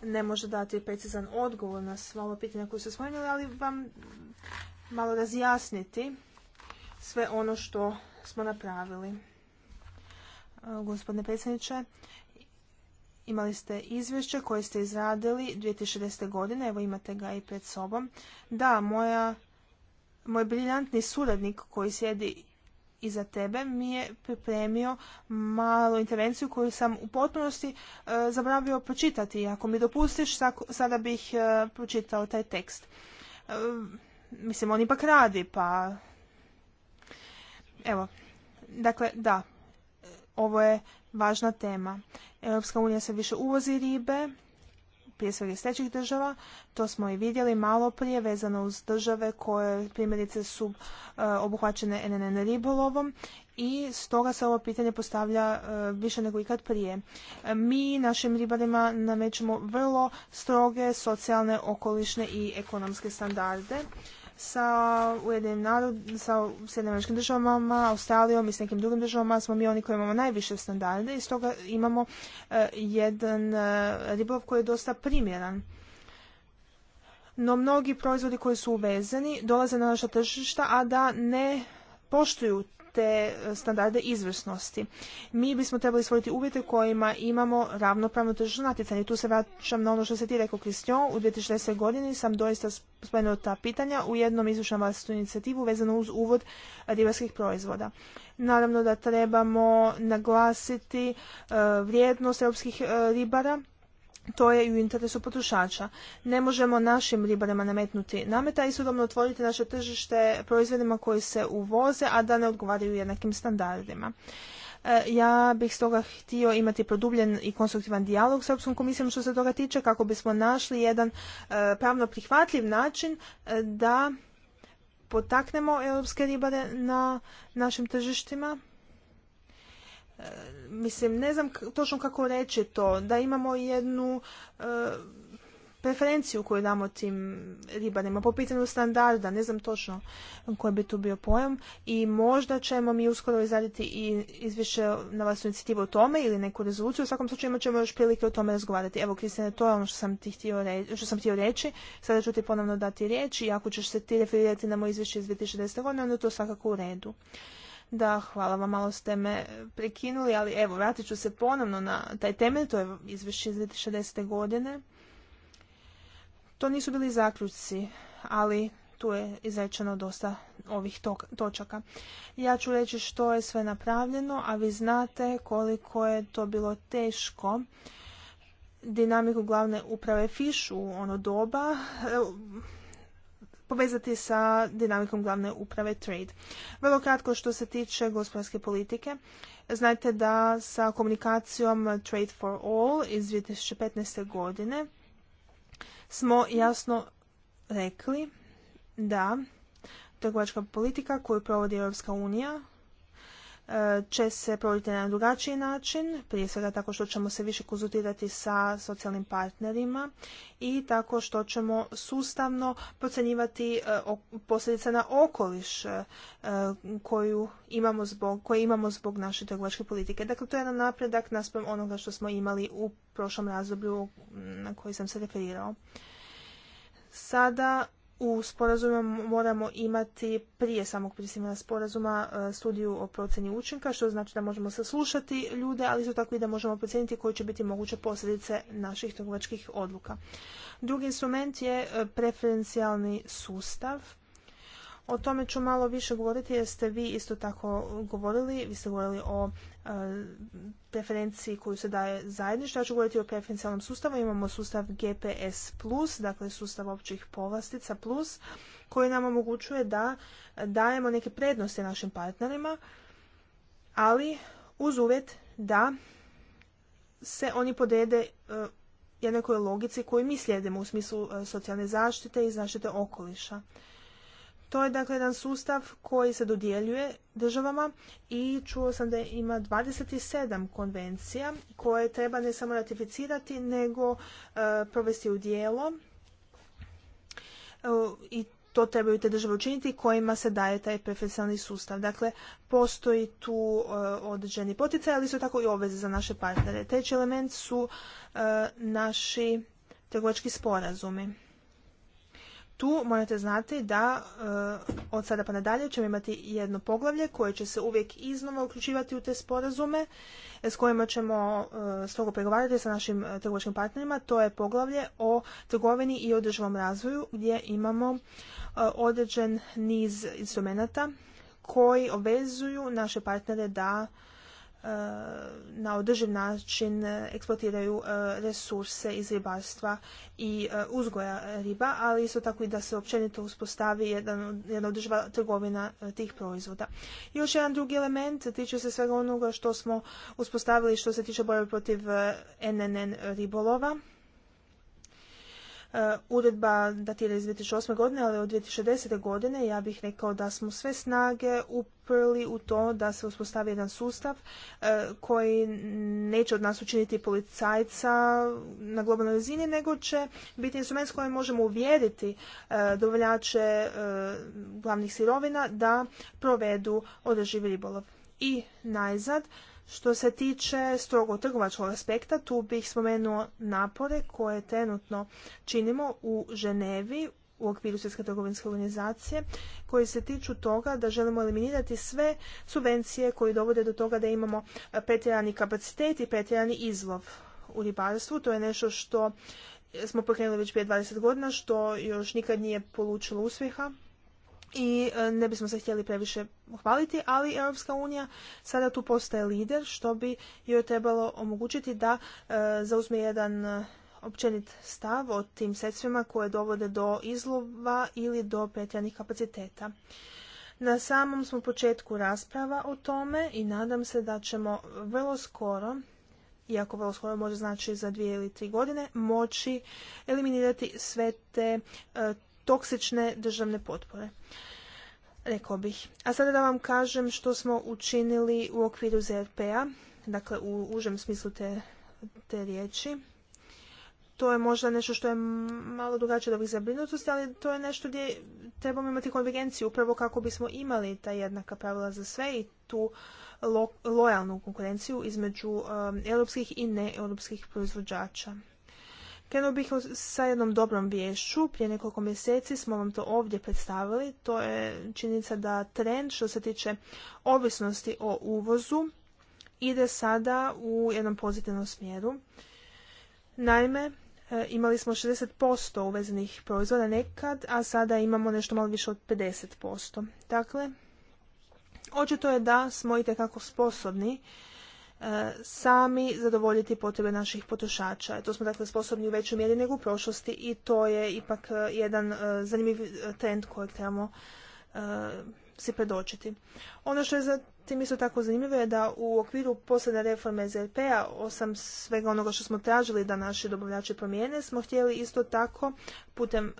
ne može dati precizan odgovor na sva ova pitanja koja ste spomenuli, ali vam malo razjasniti sve ono što smo napravili gospodine predsjedniče. Imali ste izvješće koje ste izradili 2060. godine, evo imate ga i pred sobom. Da, moja, moj briljantni suradnik koji sjedi iza tebe mi je pripremio malu intervenciju koju sam u potpunosti e, zaboravio pročitati. Ako mi dopustiš, sada bih e, pročitao taj tekst. E, mislim, on ipak radi, pa... Evo, dakle, da, ovo je važna tema. Europska unija se više uvozi ribe, prije svega iz trećih država. To smo i vidjeli malo prije vezano uz države koje primjerice su e, obuhvaćene NNN ribolovom i stoga se ovo pitanje postavlja e, više nego ikad prije. E, mi našim ribarima namećemo vrlo stroge socijalne, okolišne i ekonomske standarde sa Ujedinim sa Sjedinjavačkim državama, Australijom i s nekim drugim državama smo mi oni koji imamo najviše standarde i stoga imamo e, jedan e, ribolov koji je dosta primjeran. No mnogi proizvodi koji su uvezeni dolaze na naša tržišta, a da ne poštuju te standarde izvrsnosti. Mi bismo trebali stvoriti uvjete kojima imamo ravnopravno tržišno natjecanje. Tu se vraćam na ono što se ti rekao, Kristijan. U 2016. godini sam doista spomenuo ta pitanja u jednom izvršnom vlastnu inicijativu vezano uz uvod ribarskih proizvoda. Naravno da trebamo naglasiti e, vrijednost europskih e, ribara to je i u interesu potrošača. Ne možemo našim ribarima nametnuti nameta i sudobno otvoriti naše tržište proizvodima koji se uvoze, a da ne odgovaraju jednakim standardima. E, ja bih stoga htio imati produbljen i konstruktivan dijalog s Europskom komisijom što se toga tiče kako bismo našli jedan e, pravno prihvatljiv način e, da potaknemo europske ribare na našim tržištima mislim, ne znam točno kako reći to, da imamo jednu e, preferenciju koju damo tim ribarima po pitanju standarda, ne znam točno koji bi tu bio pojam i možda ćemo mi uskoro izraditi i izvješće na vas inicijativu o tome ili neku rezoluciju, u svakom slučaju imat ćemo još prilike o tome razgovarati. Evo Kristine, to je ono što sam ti htio reći, što sam htio reći. Sada ću ti ponovno dati riječ i ako ćeš se ti referirati na moje izvješće iz 2010. godine, onda je to svakako u redu. Da, hvala vam, malo ste me prekinuli, ali evo, vratit ću se ponovno na taj temelj, to je izvješće iz 2060 godine. To nisu bili zaključci, ali tu je izrečeno dosta ovih točaka. Ja ću reći što je sve napravljeno, a vi znate koliko je to bilo teško dinamiku glavne uprave Fiš u ono doba povezati sa dinamikom glavne uprave Trade. Vrlo kratko što se tiče gospodarske politike. Znajte da sa komunikacijom Trade for All iz 2015. godine smo jasno rekli da trgovačka politika koju provodi Europska unija će se provoditi na drugačiji način, prije svega tako što ćemo se više konzultirati sa socijalnim partnerima i tako što ćemo sustavno procjenjivati e, posljedice na okoliš e, koju imamo zbog, koje imamo zbog naše trgovačke politike. Dakle, to je jedan napredak naspram onoga što smo imali u prošlom razdoblju na koji sam se referirao. Sada u sporazumu moramo imati prije samog prisimljena sporazuma e, studiju o procjeni učinka, što znači da možemo saslušati ljude, ali isto tako i da možemo procijeniti koje će biti moguće posljedice naših trgovačkih odluka. Drugi instrument je e, preferencijalni sustav o tome ću malo više govoriti jer ste vi isto tako govorili, vi ste govorili o e, preferenciji koju se daje zajedništvo. Ja ću govoriti o preferencijalnom sustavu. Imamo sustav GPS+, dakle sustav općih povlastica plus, koji nam omogućuje da dajemo neke prednosti našim partnerima, ali uz uvjet da se oni podede e, jednoj logici koju mi slijedimo u smislu e, socijalne zaštite i zaštite okoliša. To je dakle jedan sustav koji se dodjeljuje državama i čuo sam da ima 27 konvencija koje treba ne samo ratificirati nego e, provesti u dijelo e, i to trebaju te države učiniti kojima se daje taj profesionalni sustav. Dakle, postoji tu e, određeni poticaj, ali su tako i obveze za naše partnere. Treći element su e, naši trgovački sporazumi tu morate znati da eh, od sada pa nadalje ćemo imati jedno poglavlje koje će se uvijek iznova uključivati u te sporazume eh, s kojima ćemo eh, strogo pregovarati sa našim trgovačkim partnerima. To je poglavlje o trgovini i održivom razvoju gdje imamo određen niz instrumenata koji obvezuju naše partnere da E, na održiv način eksploatiraju e, resurse iz ribarstva i e, uzgoja riba, ali isto tako i da se općenito uspostavi jedan, jedna održiva trgovina tih proizvoda. Još jedan drugi element tiče se svega onoga što smo uspostavili što se tiče borbe protiv NNN ribolova. E, uredba datira iz 2008. godine, ali od 2010. godine ja bih rekao da smo sve snage uprli u to da se uspostavi jedan sustav e, koji neće od nas učiniti policajca na globalnoj razini, nego će biti instrument s kojim možemo uvjeriti e, dovoljače glavnih sirovina da provedu održivi ribolov. I najzad, što se tiče strogo trgovačkog aspekta, tu bih spomenuo napore koje trenutno činimo u Ženevi u okviru Svjetske trgovinske organizacije koji se tiču toga da želimo eliminirati sve subvencije koje dovode do toga da imamo pretjerani kapacitet i pretjerani izlov u ribarstvu. To je nešto što smo pokrenuli već prije 20 godina, što još nikad nije polučilo uspjeha i e, ne bismo se htjeli previše hvaliti, ali Europska unija sada tu postaje lider što bi joj trebalo omogućiti da e, zauzme jedan e, općenit stav o tim sredstvima koje dovode do izlova ili do petljanih kapaciteta. Na samom smo početku rasprava o tome i nadam se da ćemo vrlo skoro iako vrlo skoro može znači za dvije ili tri godine, moći eliminirati sve te toksične državne potpore. Rekao bih. A sada da vam kažem što smo učinili u okviru ZRP-a, dakle u užem smislu te, te riječi. To je možda nešto što je malo drugačije da bih zabrinutosti, ali to je nešto gdje trebamo imati konvergenciju upravo kako bismo imali ta jednaka pravila za sve i tu lojalnu konkurenciju između um, europskih i neeuropskih proizvođača. Krenuo bih sa jednom dobrom vješću. Prije nekoliko mjeseci smo vam to ovdje predstavili. To je činjenica da trend što se tiče ovisnosti o uvozu ide sada u jednom pozitivnom smjeru. Naime, e, imali smo 60% uvezenih proizvoda nekad, a sada imamo nešto malo više od 50%. Dakle, očito je da smo i sposobni E, sami zadovoljiti potrebe naših potrošača. To smo dakle sposobni u većoj mjeri nego u prošlosti i to je ipak e, jedan e, zanimljiv trend kojeg trebamo si predočiti. Ono što je zatim isto tako zanimljivo je da u okviru posljedne reforme ZRP-a, osam svega onoga što smo tražili da naši dobavljači promijene, smo htjeli isto tako putem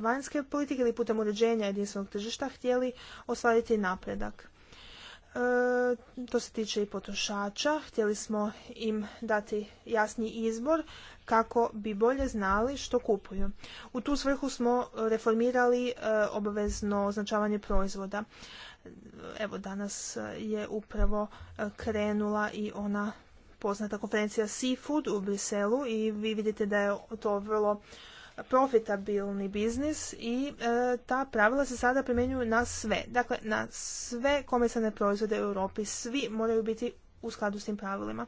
vanjske politike ili putem uređenja jedinstvenog tržišta htjeli ostvariti napredak to se tiče i potrošača. Htjeli smo im dati jasni izbor kako bi bolje znali što kupuju. U tu svrhu smo reformirali e, obavezno označavanje proizvoda. Evo danas e, je upravo e, krenula i ona poznata konferencija Seafood u Briselu i vi vidite da je to vrlo profitabilni biznis i e, ta pravila se sada primjenjuju na sve. Dakle, na sve komercijalne proizvode u Europi. Svi moraju biti u skladu s tim pravilima.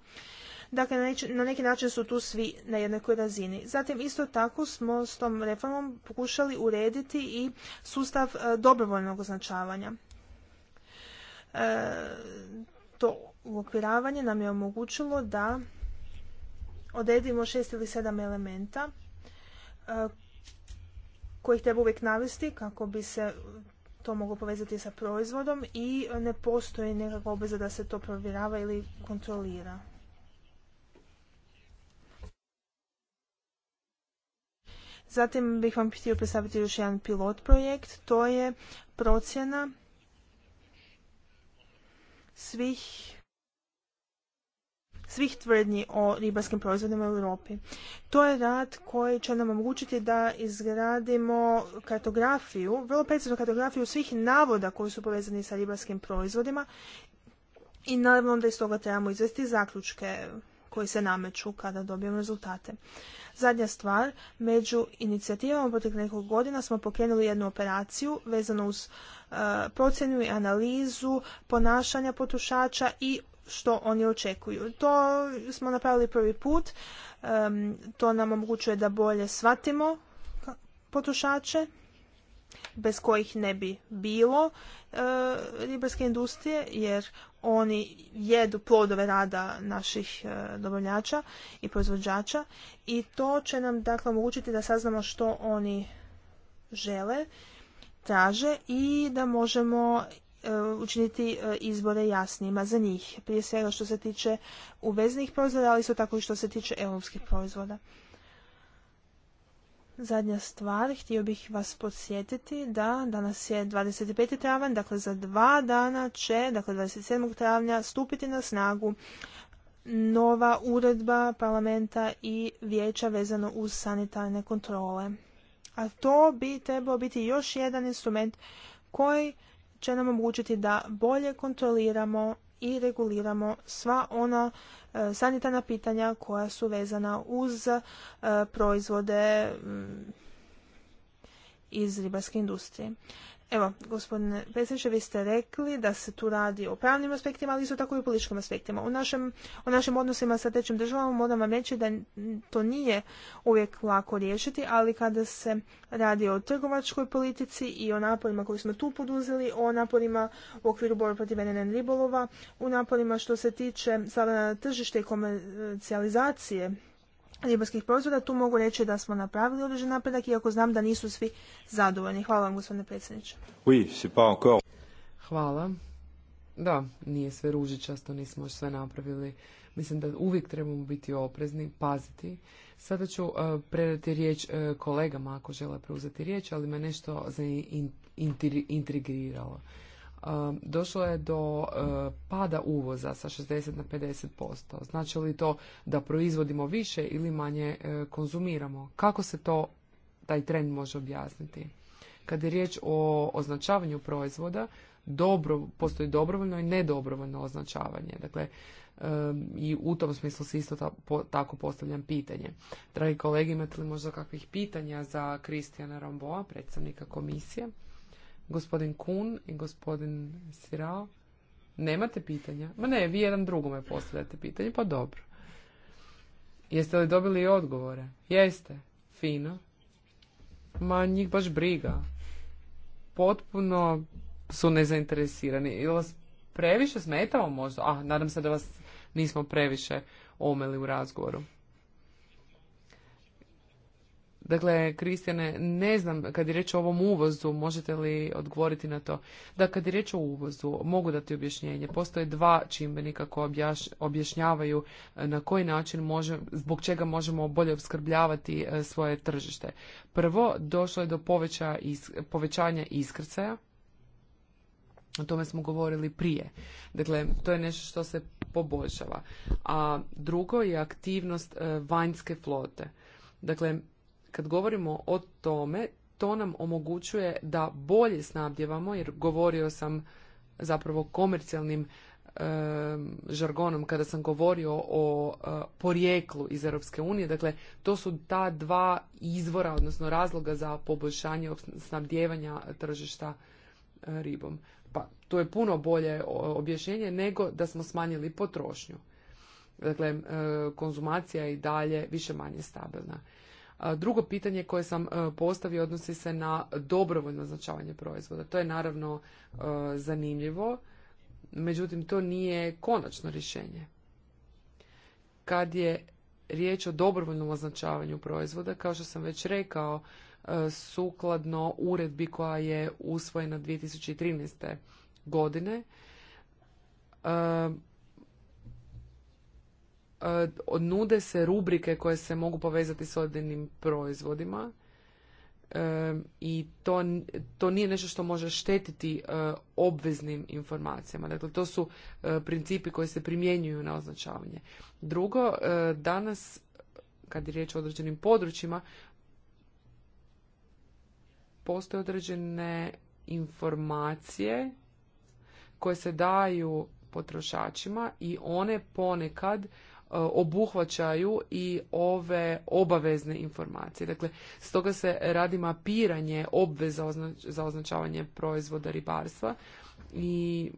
Dakle, na, na neki način su tu svi na jednakoj razini. Zatim, isto tako smo s tom reformom pokušali urediti i sustav e, dobrovoljnog označavanja. E, to uokviravanje nam je omogućilo da odredimo šest ili sedam elementa kojih treba uvijek navesti kako bi se to moglo povezati sa proizvodom i ne postoji nekakva obveza da se to provjerava ili kontrolira. Zatim bih vam htio predstaviti još jedan pilot projekt. To je procjena svih svih tvrdnji o ribarskim proizvodima u Europi. To je rad koji će nam omogućiti da izgradimo kartografiju, vrlo preciznu kartografiju svih navoda koji su povezani sa ribarskim proizvodima i naravno da iz toga trebamo izvesti zaključke koji se nameću kada dobijemo rezultate. Zadnja stvar, među inicijativama protiv nekog godina smo pokrenuli jednu operaciju vezanu uz e, procjenu i analizu ponašanja potrošača i što oni očekuju. To smo napravili prvi put, to nam omogućuje da bolje shvatimo potrošače, bez kojih ne bi bilo e, ribarske industrije, jer oni jedu plodove rada naših e, dobavljača i proizvođača i to će nam dakle omogućiti da saznamo što oni žele, traže i da možemo E, učiniti e, izbore jasnijima za njih, prije svega što se tiče uveznih proizvoda, ali isto tako i što se tiče europskih proizvoda. Zadnja stvar, htio bih vas podsjetiti da danas je 25. travanj, dakle za dva dana će, dakle 27. travnja, stupiti na snagu nova uredba parlamenta i vijeća vezano uz sanitarne kontrole. A to bi trebao biti još jedan instrument koji će nam omogućiti da bolje kontroliramo i reguliramo sva ona e, sanitarna pitanja koja su vezana uz e, proizvode mm, iz ribarske industrije. Evo, gospodine predsjedniče, vi ste rekli da se tu radi o pravnim aspektima, ali isto tako i o političkim aspektima. U našem, o našim odnosima sa trećim državama moram vam reći da to nije uvijek lako riješiti, ali kada se radi o trgovačkoj politici i o naporima koji smo tu poduzeli, o naporima u okviru borbe protiv NNN ribolova, u naporima što se tiče sada tržište i komercijalizacije ribarskih proizvoda. Tu mogu reći da smo napravili određen napredak, iako znam da nisu svi zadovoljni. Hvala vam, gospodine predsjedniče. Hvala. Da, nije sve ružičasto, nismo sve napravili. Mislim da uvijek trebamo biti oprezni, paziti. Sada ću uh, predati riječ e, kolegama ako žele preuzeti riječ, ali me nešto zaintrigiralo došlo je do e, pada uvoza sa 60 na 50%. Znači li to da proizvodimo više ili manje e, konzumiramo? Kako se to, taj trend može objasniti? Kad je riječ o označavanju proizvoda, dobro, postoji dobrovoljno i nedobrovoljno označavanje. Dakle, i u tom smislu se isto tako postavljam pitanje. Dragi kolege, imate li možda kakvih pitanja za Kristijana Ramboa, predstavnika komisije? Gospodin Kun i gospodin Sirao, nemate pitanja? Ma ne, vi jedan drugome postavljate pitanje, pa dobro. Jeste li dobili odgovore? Jeste, fino. Ma njih baš briga. Potpuno su nezainteresirani. Ili vas previše smetamo možda? Ah, nadam se da vas nismo previše omeli u razgovoru. Dakle, Kristjane, ne znam, kad je reč o ovom uvozu, možete li odgovoriti na to? Da, kad je reč o uvozu, mogu dati objašnjenje. Postoje dva čimbenika koja objašnjavaju e, na koji način može, zbog čega možemo bolje obskrbljavati e, svoje tržište. Prvo, došlo je do poveća, povećanja iskrcaja. O tome smo govorili prije. Dakle, to je nešto što se poboljšava. A drugo je aktivnost e, vanjske flote. Dakle, kad govorimo o tome, to nam omogućuje da bolje snabdjevamo, jer govorio sam zapravo komercijalnim žargonom kada sam govorio o e, porijeklu iz Europske unije. Dakle, to su ta dva izvora, odnosno razloga za poboljšanje snabdjevanja tržišta e, ribom. Pa to je puno bolje objašnjenje nego da smo smanjili potrošnju. Dakle, e, konzumacija je i dalje više manje stabilna. Drugo pitanje koje sam e, postavio odnosi se na dobrovoljno označavanje proizvoda. To je naravno e, zanimljivo, međutim to nije konačno rješenje. Kad je riječ o dobrovoljnom označavanju proizvoda, kao što sam već rekao, e, sukladno uredbi koja je usvojena 2013. godine, E, nude se rubrike koje se mogu povezati s određenim proizvodima e, i to, to nije nešto što može štetiti e, obveznim informacijama. Dakle, to su principi koji se primjenjuju na označavanje. Drugo, danas, kad je riječ o određenim područjima, postoje određene informacije koje se daju potrošačima i one ponekad E, obuhvaćaju i ove obavezne informacije. Dakle, stoga se radi mapiranje obveza za označavanje proizvoda ribarstva i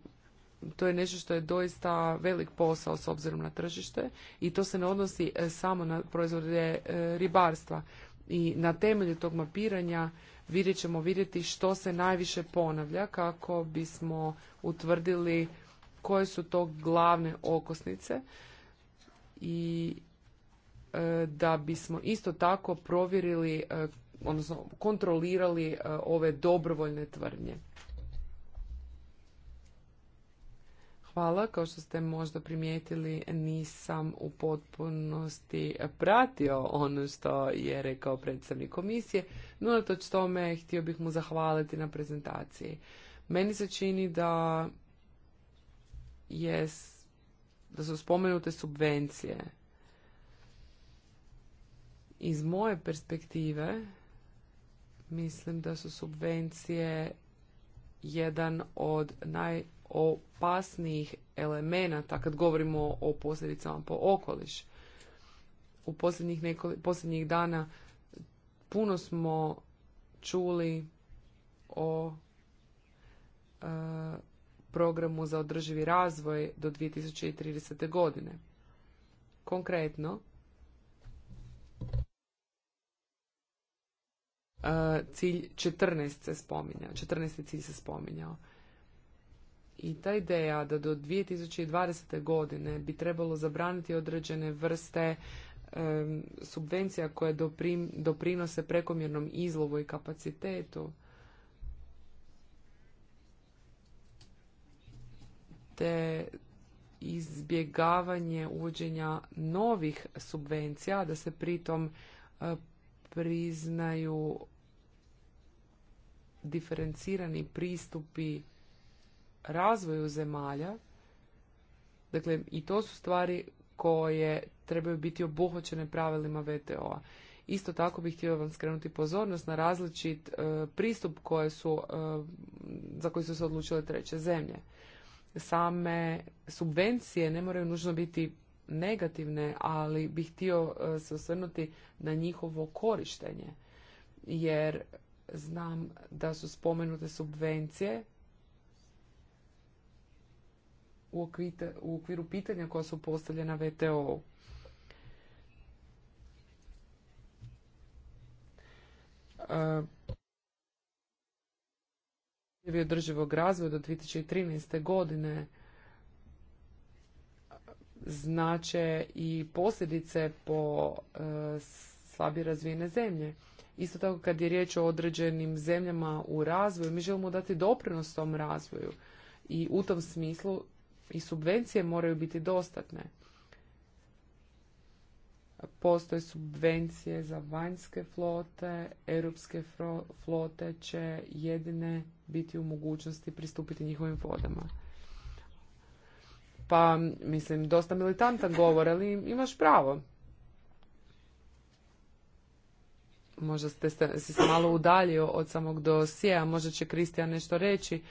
to je nešto što je doista velik posao s obzirom na tržište i to se ne odnosi e, samo na proizvode e, ribarstva. I na temelju tog mapiranja vidjet ćemo vidjeti što se najviše ponavlja kako bismo utvrdili koje su to glavne okosnice i e, da bismo isto tako provjerili, e, odnosno kontrolirali e, ove dobrovoljne tvrdnje. Hvala, kao što ste možda primijetili, nisam u potpunosti pratio ono što je rekao predstavnik komisije, no toč tome htio bih mu zahvaliti na prezentaciji. Meni se čini da jest da su spomenute subvencije. Iz moje perspektive mislim da su subvencije jedan od najopasnijih elemenata kad govorimo o posljedicama po okoliš. U posljednjih, posljednjih dana puno smo čuli o e, programu za održivi razvoj do 2030. godine. Konkretno, e, cilj 14 se spominja, 14. cilj se spominjao. I ta ideja da do 2020. godine bi trebalo zabraniti određene vrste e, subvencija koje doprinose prekomjernom izlovu i kapacitetu te izbjegavanje uvođenja novih subvencija, da se pritom e, priznaju diferencirani pristupi razvoju zemalja. Dakle, i to su stvari koje trebaju biti obuhvaćene pravilima VTO-a. Isto tako bih htio vam skrenuti pozornost na različit e, pristup su, e, za koji su se odlučile treće zemlje same subvencije ne moraju nužno biti negativne, ali bih htio e, se osvrnuti na njihovo korištenje. Jer znam da su spomenute subvencije u okviru pitanja koja su postavljena VTO-u. E, ciljevi održivog razvoja do 2013. godine znače i posljedice po e, slabije razvijene zemlje. Isto tako kad je riječ o određenim zemljama u razvoju, mi želimo dati doprinos tom razvoju i u tom smislu i subvencije moraju biti dostatne. Postoje subvencije za vanjske flote, europske flote će jedine biti u mogućnosti pristupiti njihovim vodama. Pa, mislim, dosta militantan govor, ali imaš pravo. Možda ste si se malo udaljio od samog a možda će Kristijan nešto reći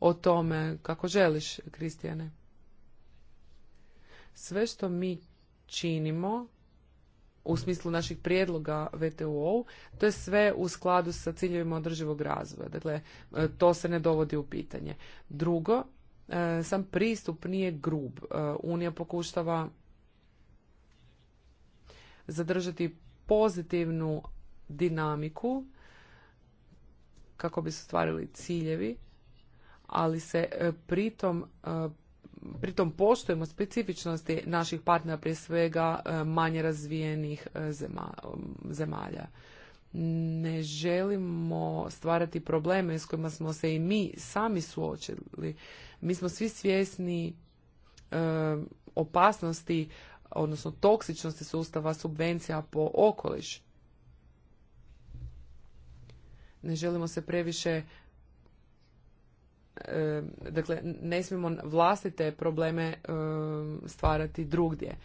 o tome kako želiš, Kristijane. Sve što mi činimo u smislu naših prijedloga vto to je sve u skladu sa ciljevima održivog razvoja. Dakle, e, to se ne dovodi u pitanje. Drugo, e, sam pristup nije grub. E, Unija pokušava zadržati pozitivnu dinamiku kako bi se stvarili ciljevi, ali se pritom pritom poštujemo specifičnosti naših partnera, prije svega e, manje razvijenih e, zemalja. Ne želimo stvarati probleme s kojima smo se i mi sami suočili. Mi smo svi svjesni e, opasnosti, odnosno toksičnosti sustava subvencija po okoliš. Ne želimo se previše E, dakle ne smijemo vlastite probleme e, stvarati drugdje.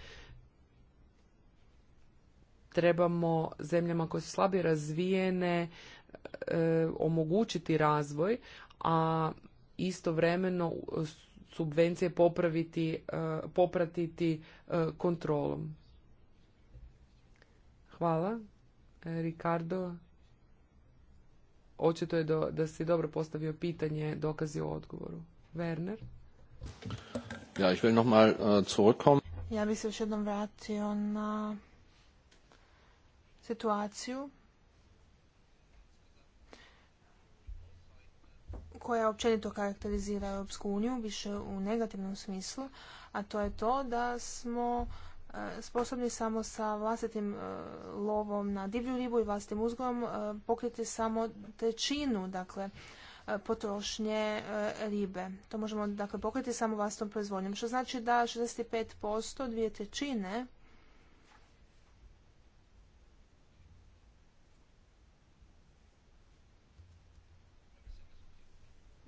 Trebamo zemljama koje su slabije razvijene e, omogućiti razvoj, a istovremeno subvencije popraviti, popratiti kontrolom. Hvala. Ricardo očito je do, da si dobro postavio pitanje, dokazi o odgovoru. Werner? Ja, ich will noch mal, uh, Ja bih se još jednom vratio na situaciju koja općenito karakterizira Europsku uniju, više u negativnom smislu, a to je to da smo sposobni samo sa vlastitim e, lovom na divlju ribu i vlastitim uzgojom e, pokriti samo trećinu dakle, e, potrošnje ribe. To možemo dakle, pokriti samo vlastitom proizvodnjom. Što znači da 65%, dvije trećine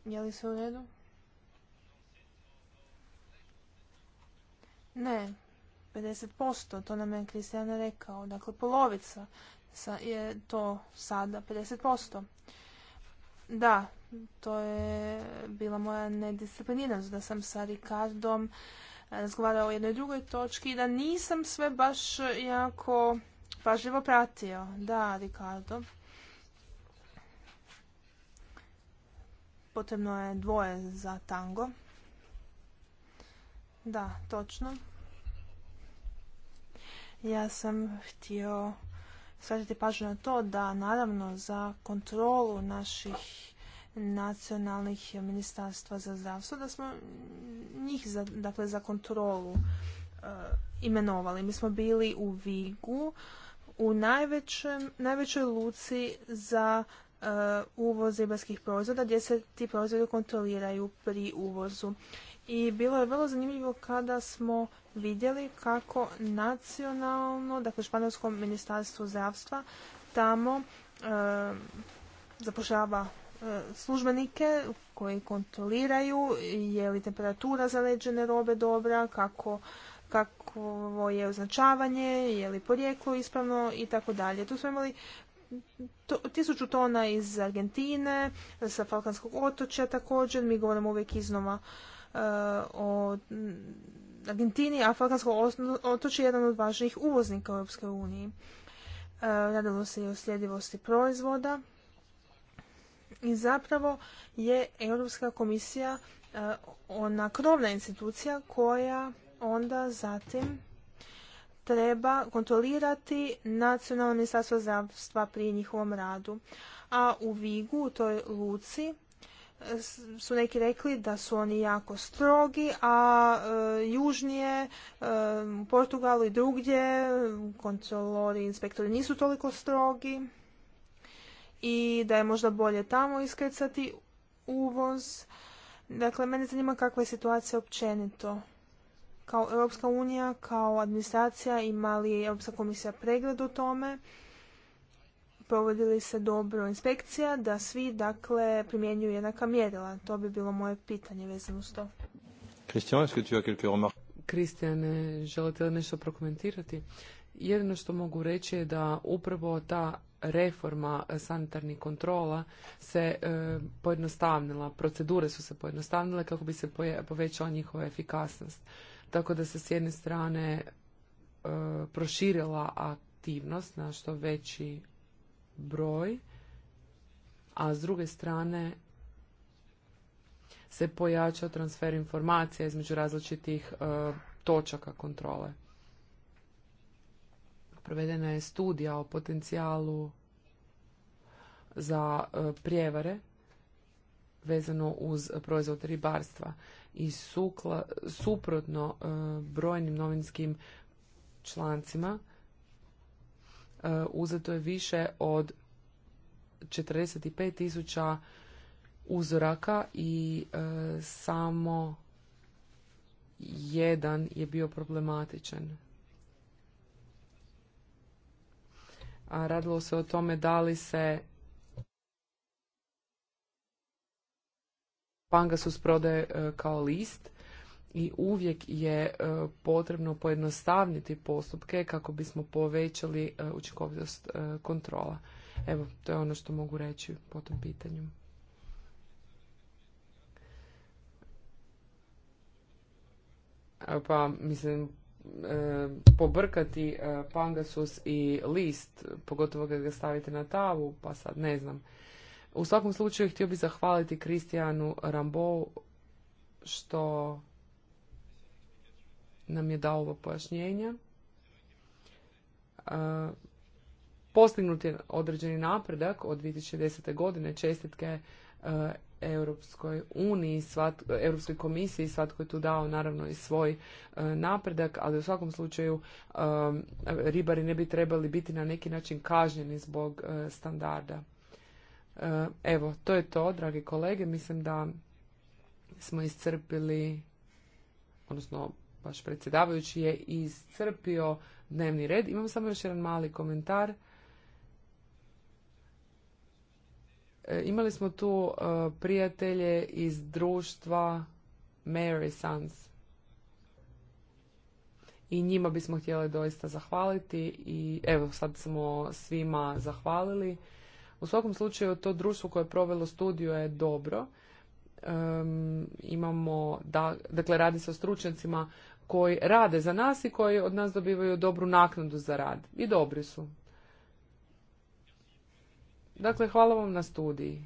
Je li sve u redu? Ne, 50%, to nam je Kristijan rekao, dakle polovica je to sada 50%. Da, to je bila moja nediscipliniranost da sam sa Rikardom razgovarao o jednoj drugoj točki i da nisam sve baš jako pažljivo pratio. Da, Ricardo. Potrebno je dvoje za tango. Da, točno. Ja sam htio shvatiti pažnju na to da naravno za kontrolu naših nacionalnih ministarstva za zdravstvo, da smo njih za, dakle, za kontrolu e, imenovali. Mi smo bili u Vigu, u najvećem, najvećoj luci za e, uvoz ribarskih proizvoda, gdje se ti proizvodi kontroliraju pri uvozu i bilo je vrlo zanimljivo kada smo vidjeli kako nacionalno, dakle Španjolsko ministarstvo zdravstva tamo zapošljava eh, službenike koji kontroliraju je li temperatura zaleđene robe dobra, kako kako je označavanje, je li porijeklo ispravno i tako dalje. Tu smo imali to, tisuću tona iz Argentine, sa Falkanskog otočja također, mi govorimo uvijek iznova E, o Argentini, i otoč je jedan od važnijih uvoznika u Europskoj uniji. E, radilo se i o sljedivosti proizvoda i zapravo je Europska komisija e, ona krovna institucija koja onda zatim treba kontrolirati nacionalno ministarstvo zdravstva pri njihovom radu. A u Vigu, u toj luci, su neki rekli da su oni jako strogi, a e, južnije e, u Portugalu i drugdje kontrolori i inspektori nisu toliko strogi i da je možda bolje tamo iskrcati uvoz. Dakle, mene zanima kakva je situacija općenito. Kao Europska unija, kao administracija, ima li Europska komisija pregled o tome? provodili se dobro inspekcija, da svi dakle primjenjuju jednaka mjerila. To bi bilo moje pitanje vezano s to. Kristijane, e, želite li nešto prokomentirati? Jedino što mogu reći je da upravo ta reforma sanitarnih kontrola se e, pojednostavnila, procedure su se pojednostavnile kako bi se povećala njihova efikasnost. Tako da se s jedne strane e, proširila aktivnost na što veći broj, a s druge strane se pojača transfer informacija između različitih e, točaka kontrole. Provedena je studija o potencijalu za e, prijevare vezano uz proizvod ribarstva i suprotno e, brojnim novinskim člancima E, uzeto je više od 45 tisuća uzoraka i e, samo jedan je bio problematičan. A radilo se o tome da li se pangasus prodaje e, kao list i uvijek je e, potrebno pojednostavniti postupke kako bismo povećali e, učinkovitost e, kontrola. Evo, to je ono što mogu reći po tom pitanju. Pa, mislim, pobrkati pangasus i list, pogotovo kad ga stavite na tavu, pa sad ne znam. U svakom slučaju htio bih zahvaliti Kristijanu Rambou što nam je dao ovo pojašnjenje. E, postignut je određeni napredak od 2010. godine čestitke e, Europskoj uniji, svat, Europskoj komisiji, svatko je tu dao naravno i svoj e, napredak, ali u svakom slučaju ribari ne bi trebali biti na neki način kažnjeni zbog standarda. Evo, to je to, dragi kolege. Mislim da smo iscrpili, odnosno Vaš predsjedavajući je iscrpio dnevni red. Imam samo još jedan mali komentar. E, imali smo tu e, prijatelje iz društva Mary Sons. I njima bismo htjeli doista zahvaliti i evo sad smo svima zahvalili. U svakom slučaju to društvo koje je provelo studiju je dobro. imamo, da, dakle radi se o stručnjacima koji rade za nas i koji od nas dobivaju dobru naknadu za rad. I dobri su. Dakle, hvala vam na studiji.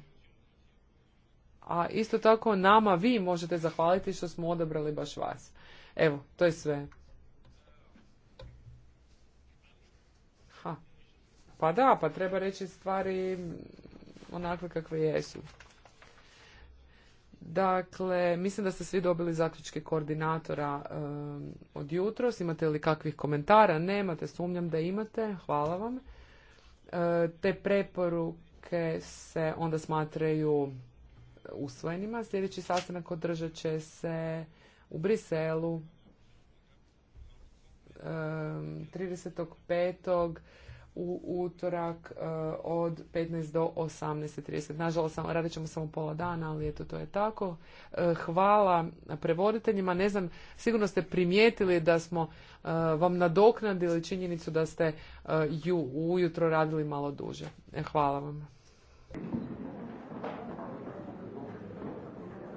A isto tako nama vi možete zahvaliti što smo odabrali baš vas. Evo, to je sve. Ha. Pa da, pa treba reći stvari onakve kakve jesu. Dakle, mislim da ste svi dobili zaključke koordinatora od jutros. Imate li kakvih komentara? Nemate, sumnjam da imate. Hvala vam. E, te preporuke se onda smatraju usvojenima. Sljedeći sastanak održat će se u Briselu 35 u utorak e, od 15 do 18.30. Nažalost, radit ćemo samo pola dana, ali eto, to je tako. E, hvala prevoditeljima. Ne znam, sigurno ste primijetili da smo e, vam nadoknadili činjenicu da ste ju ujutro radili malo duže. Hvala vam.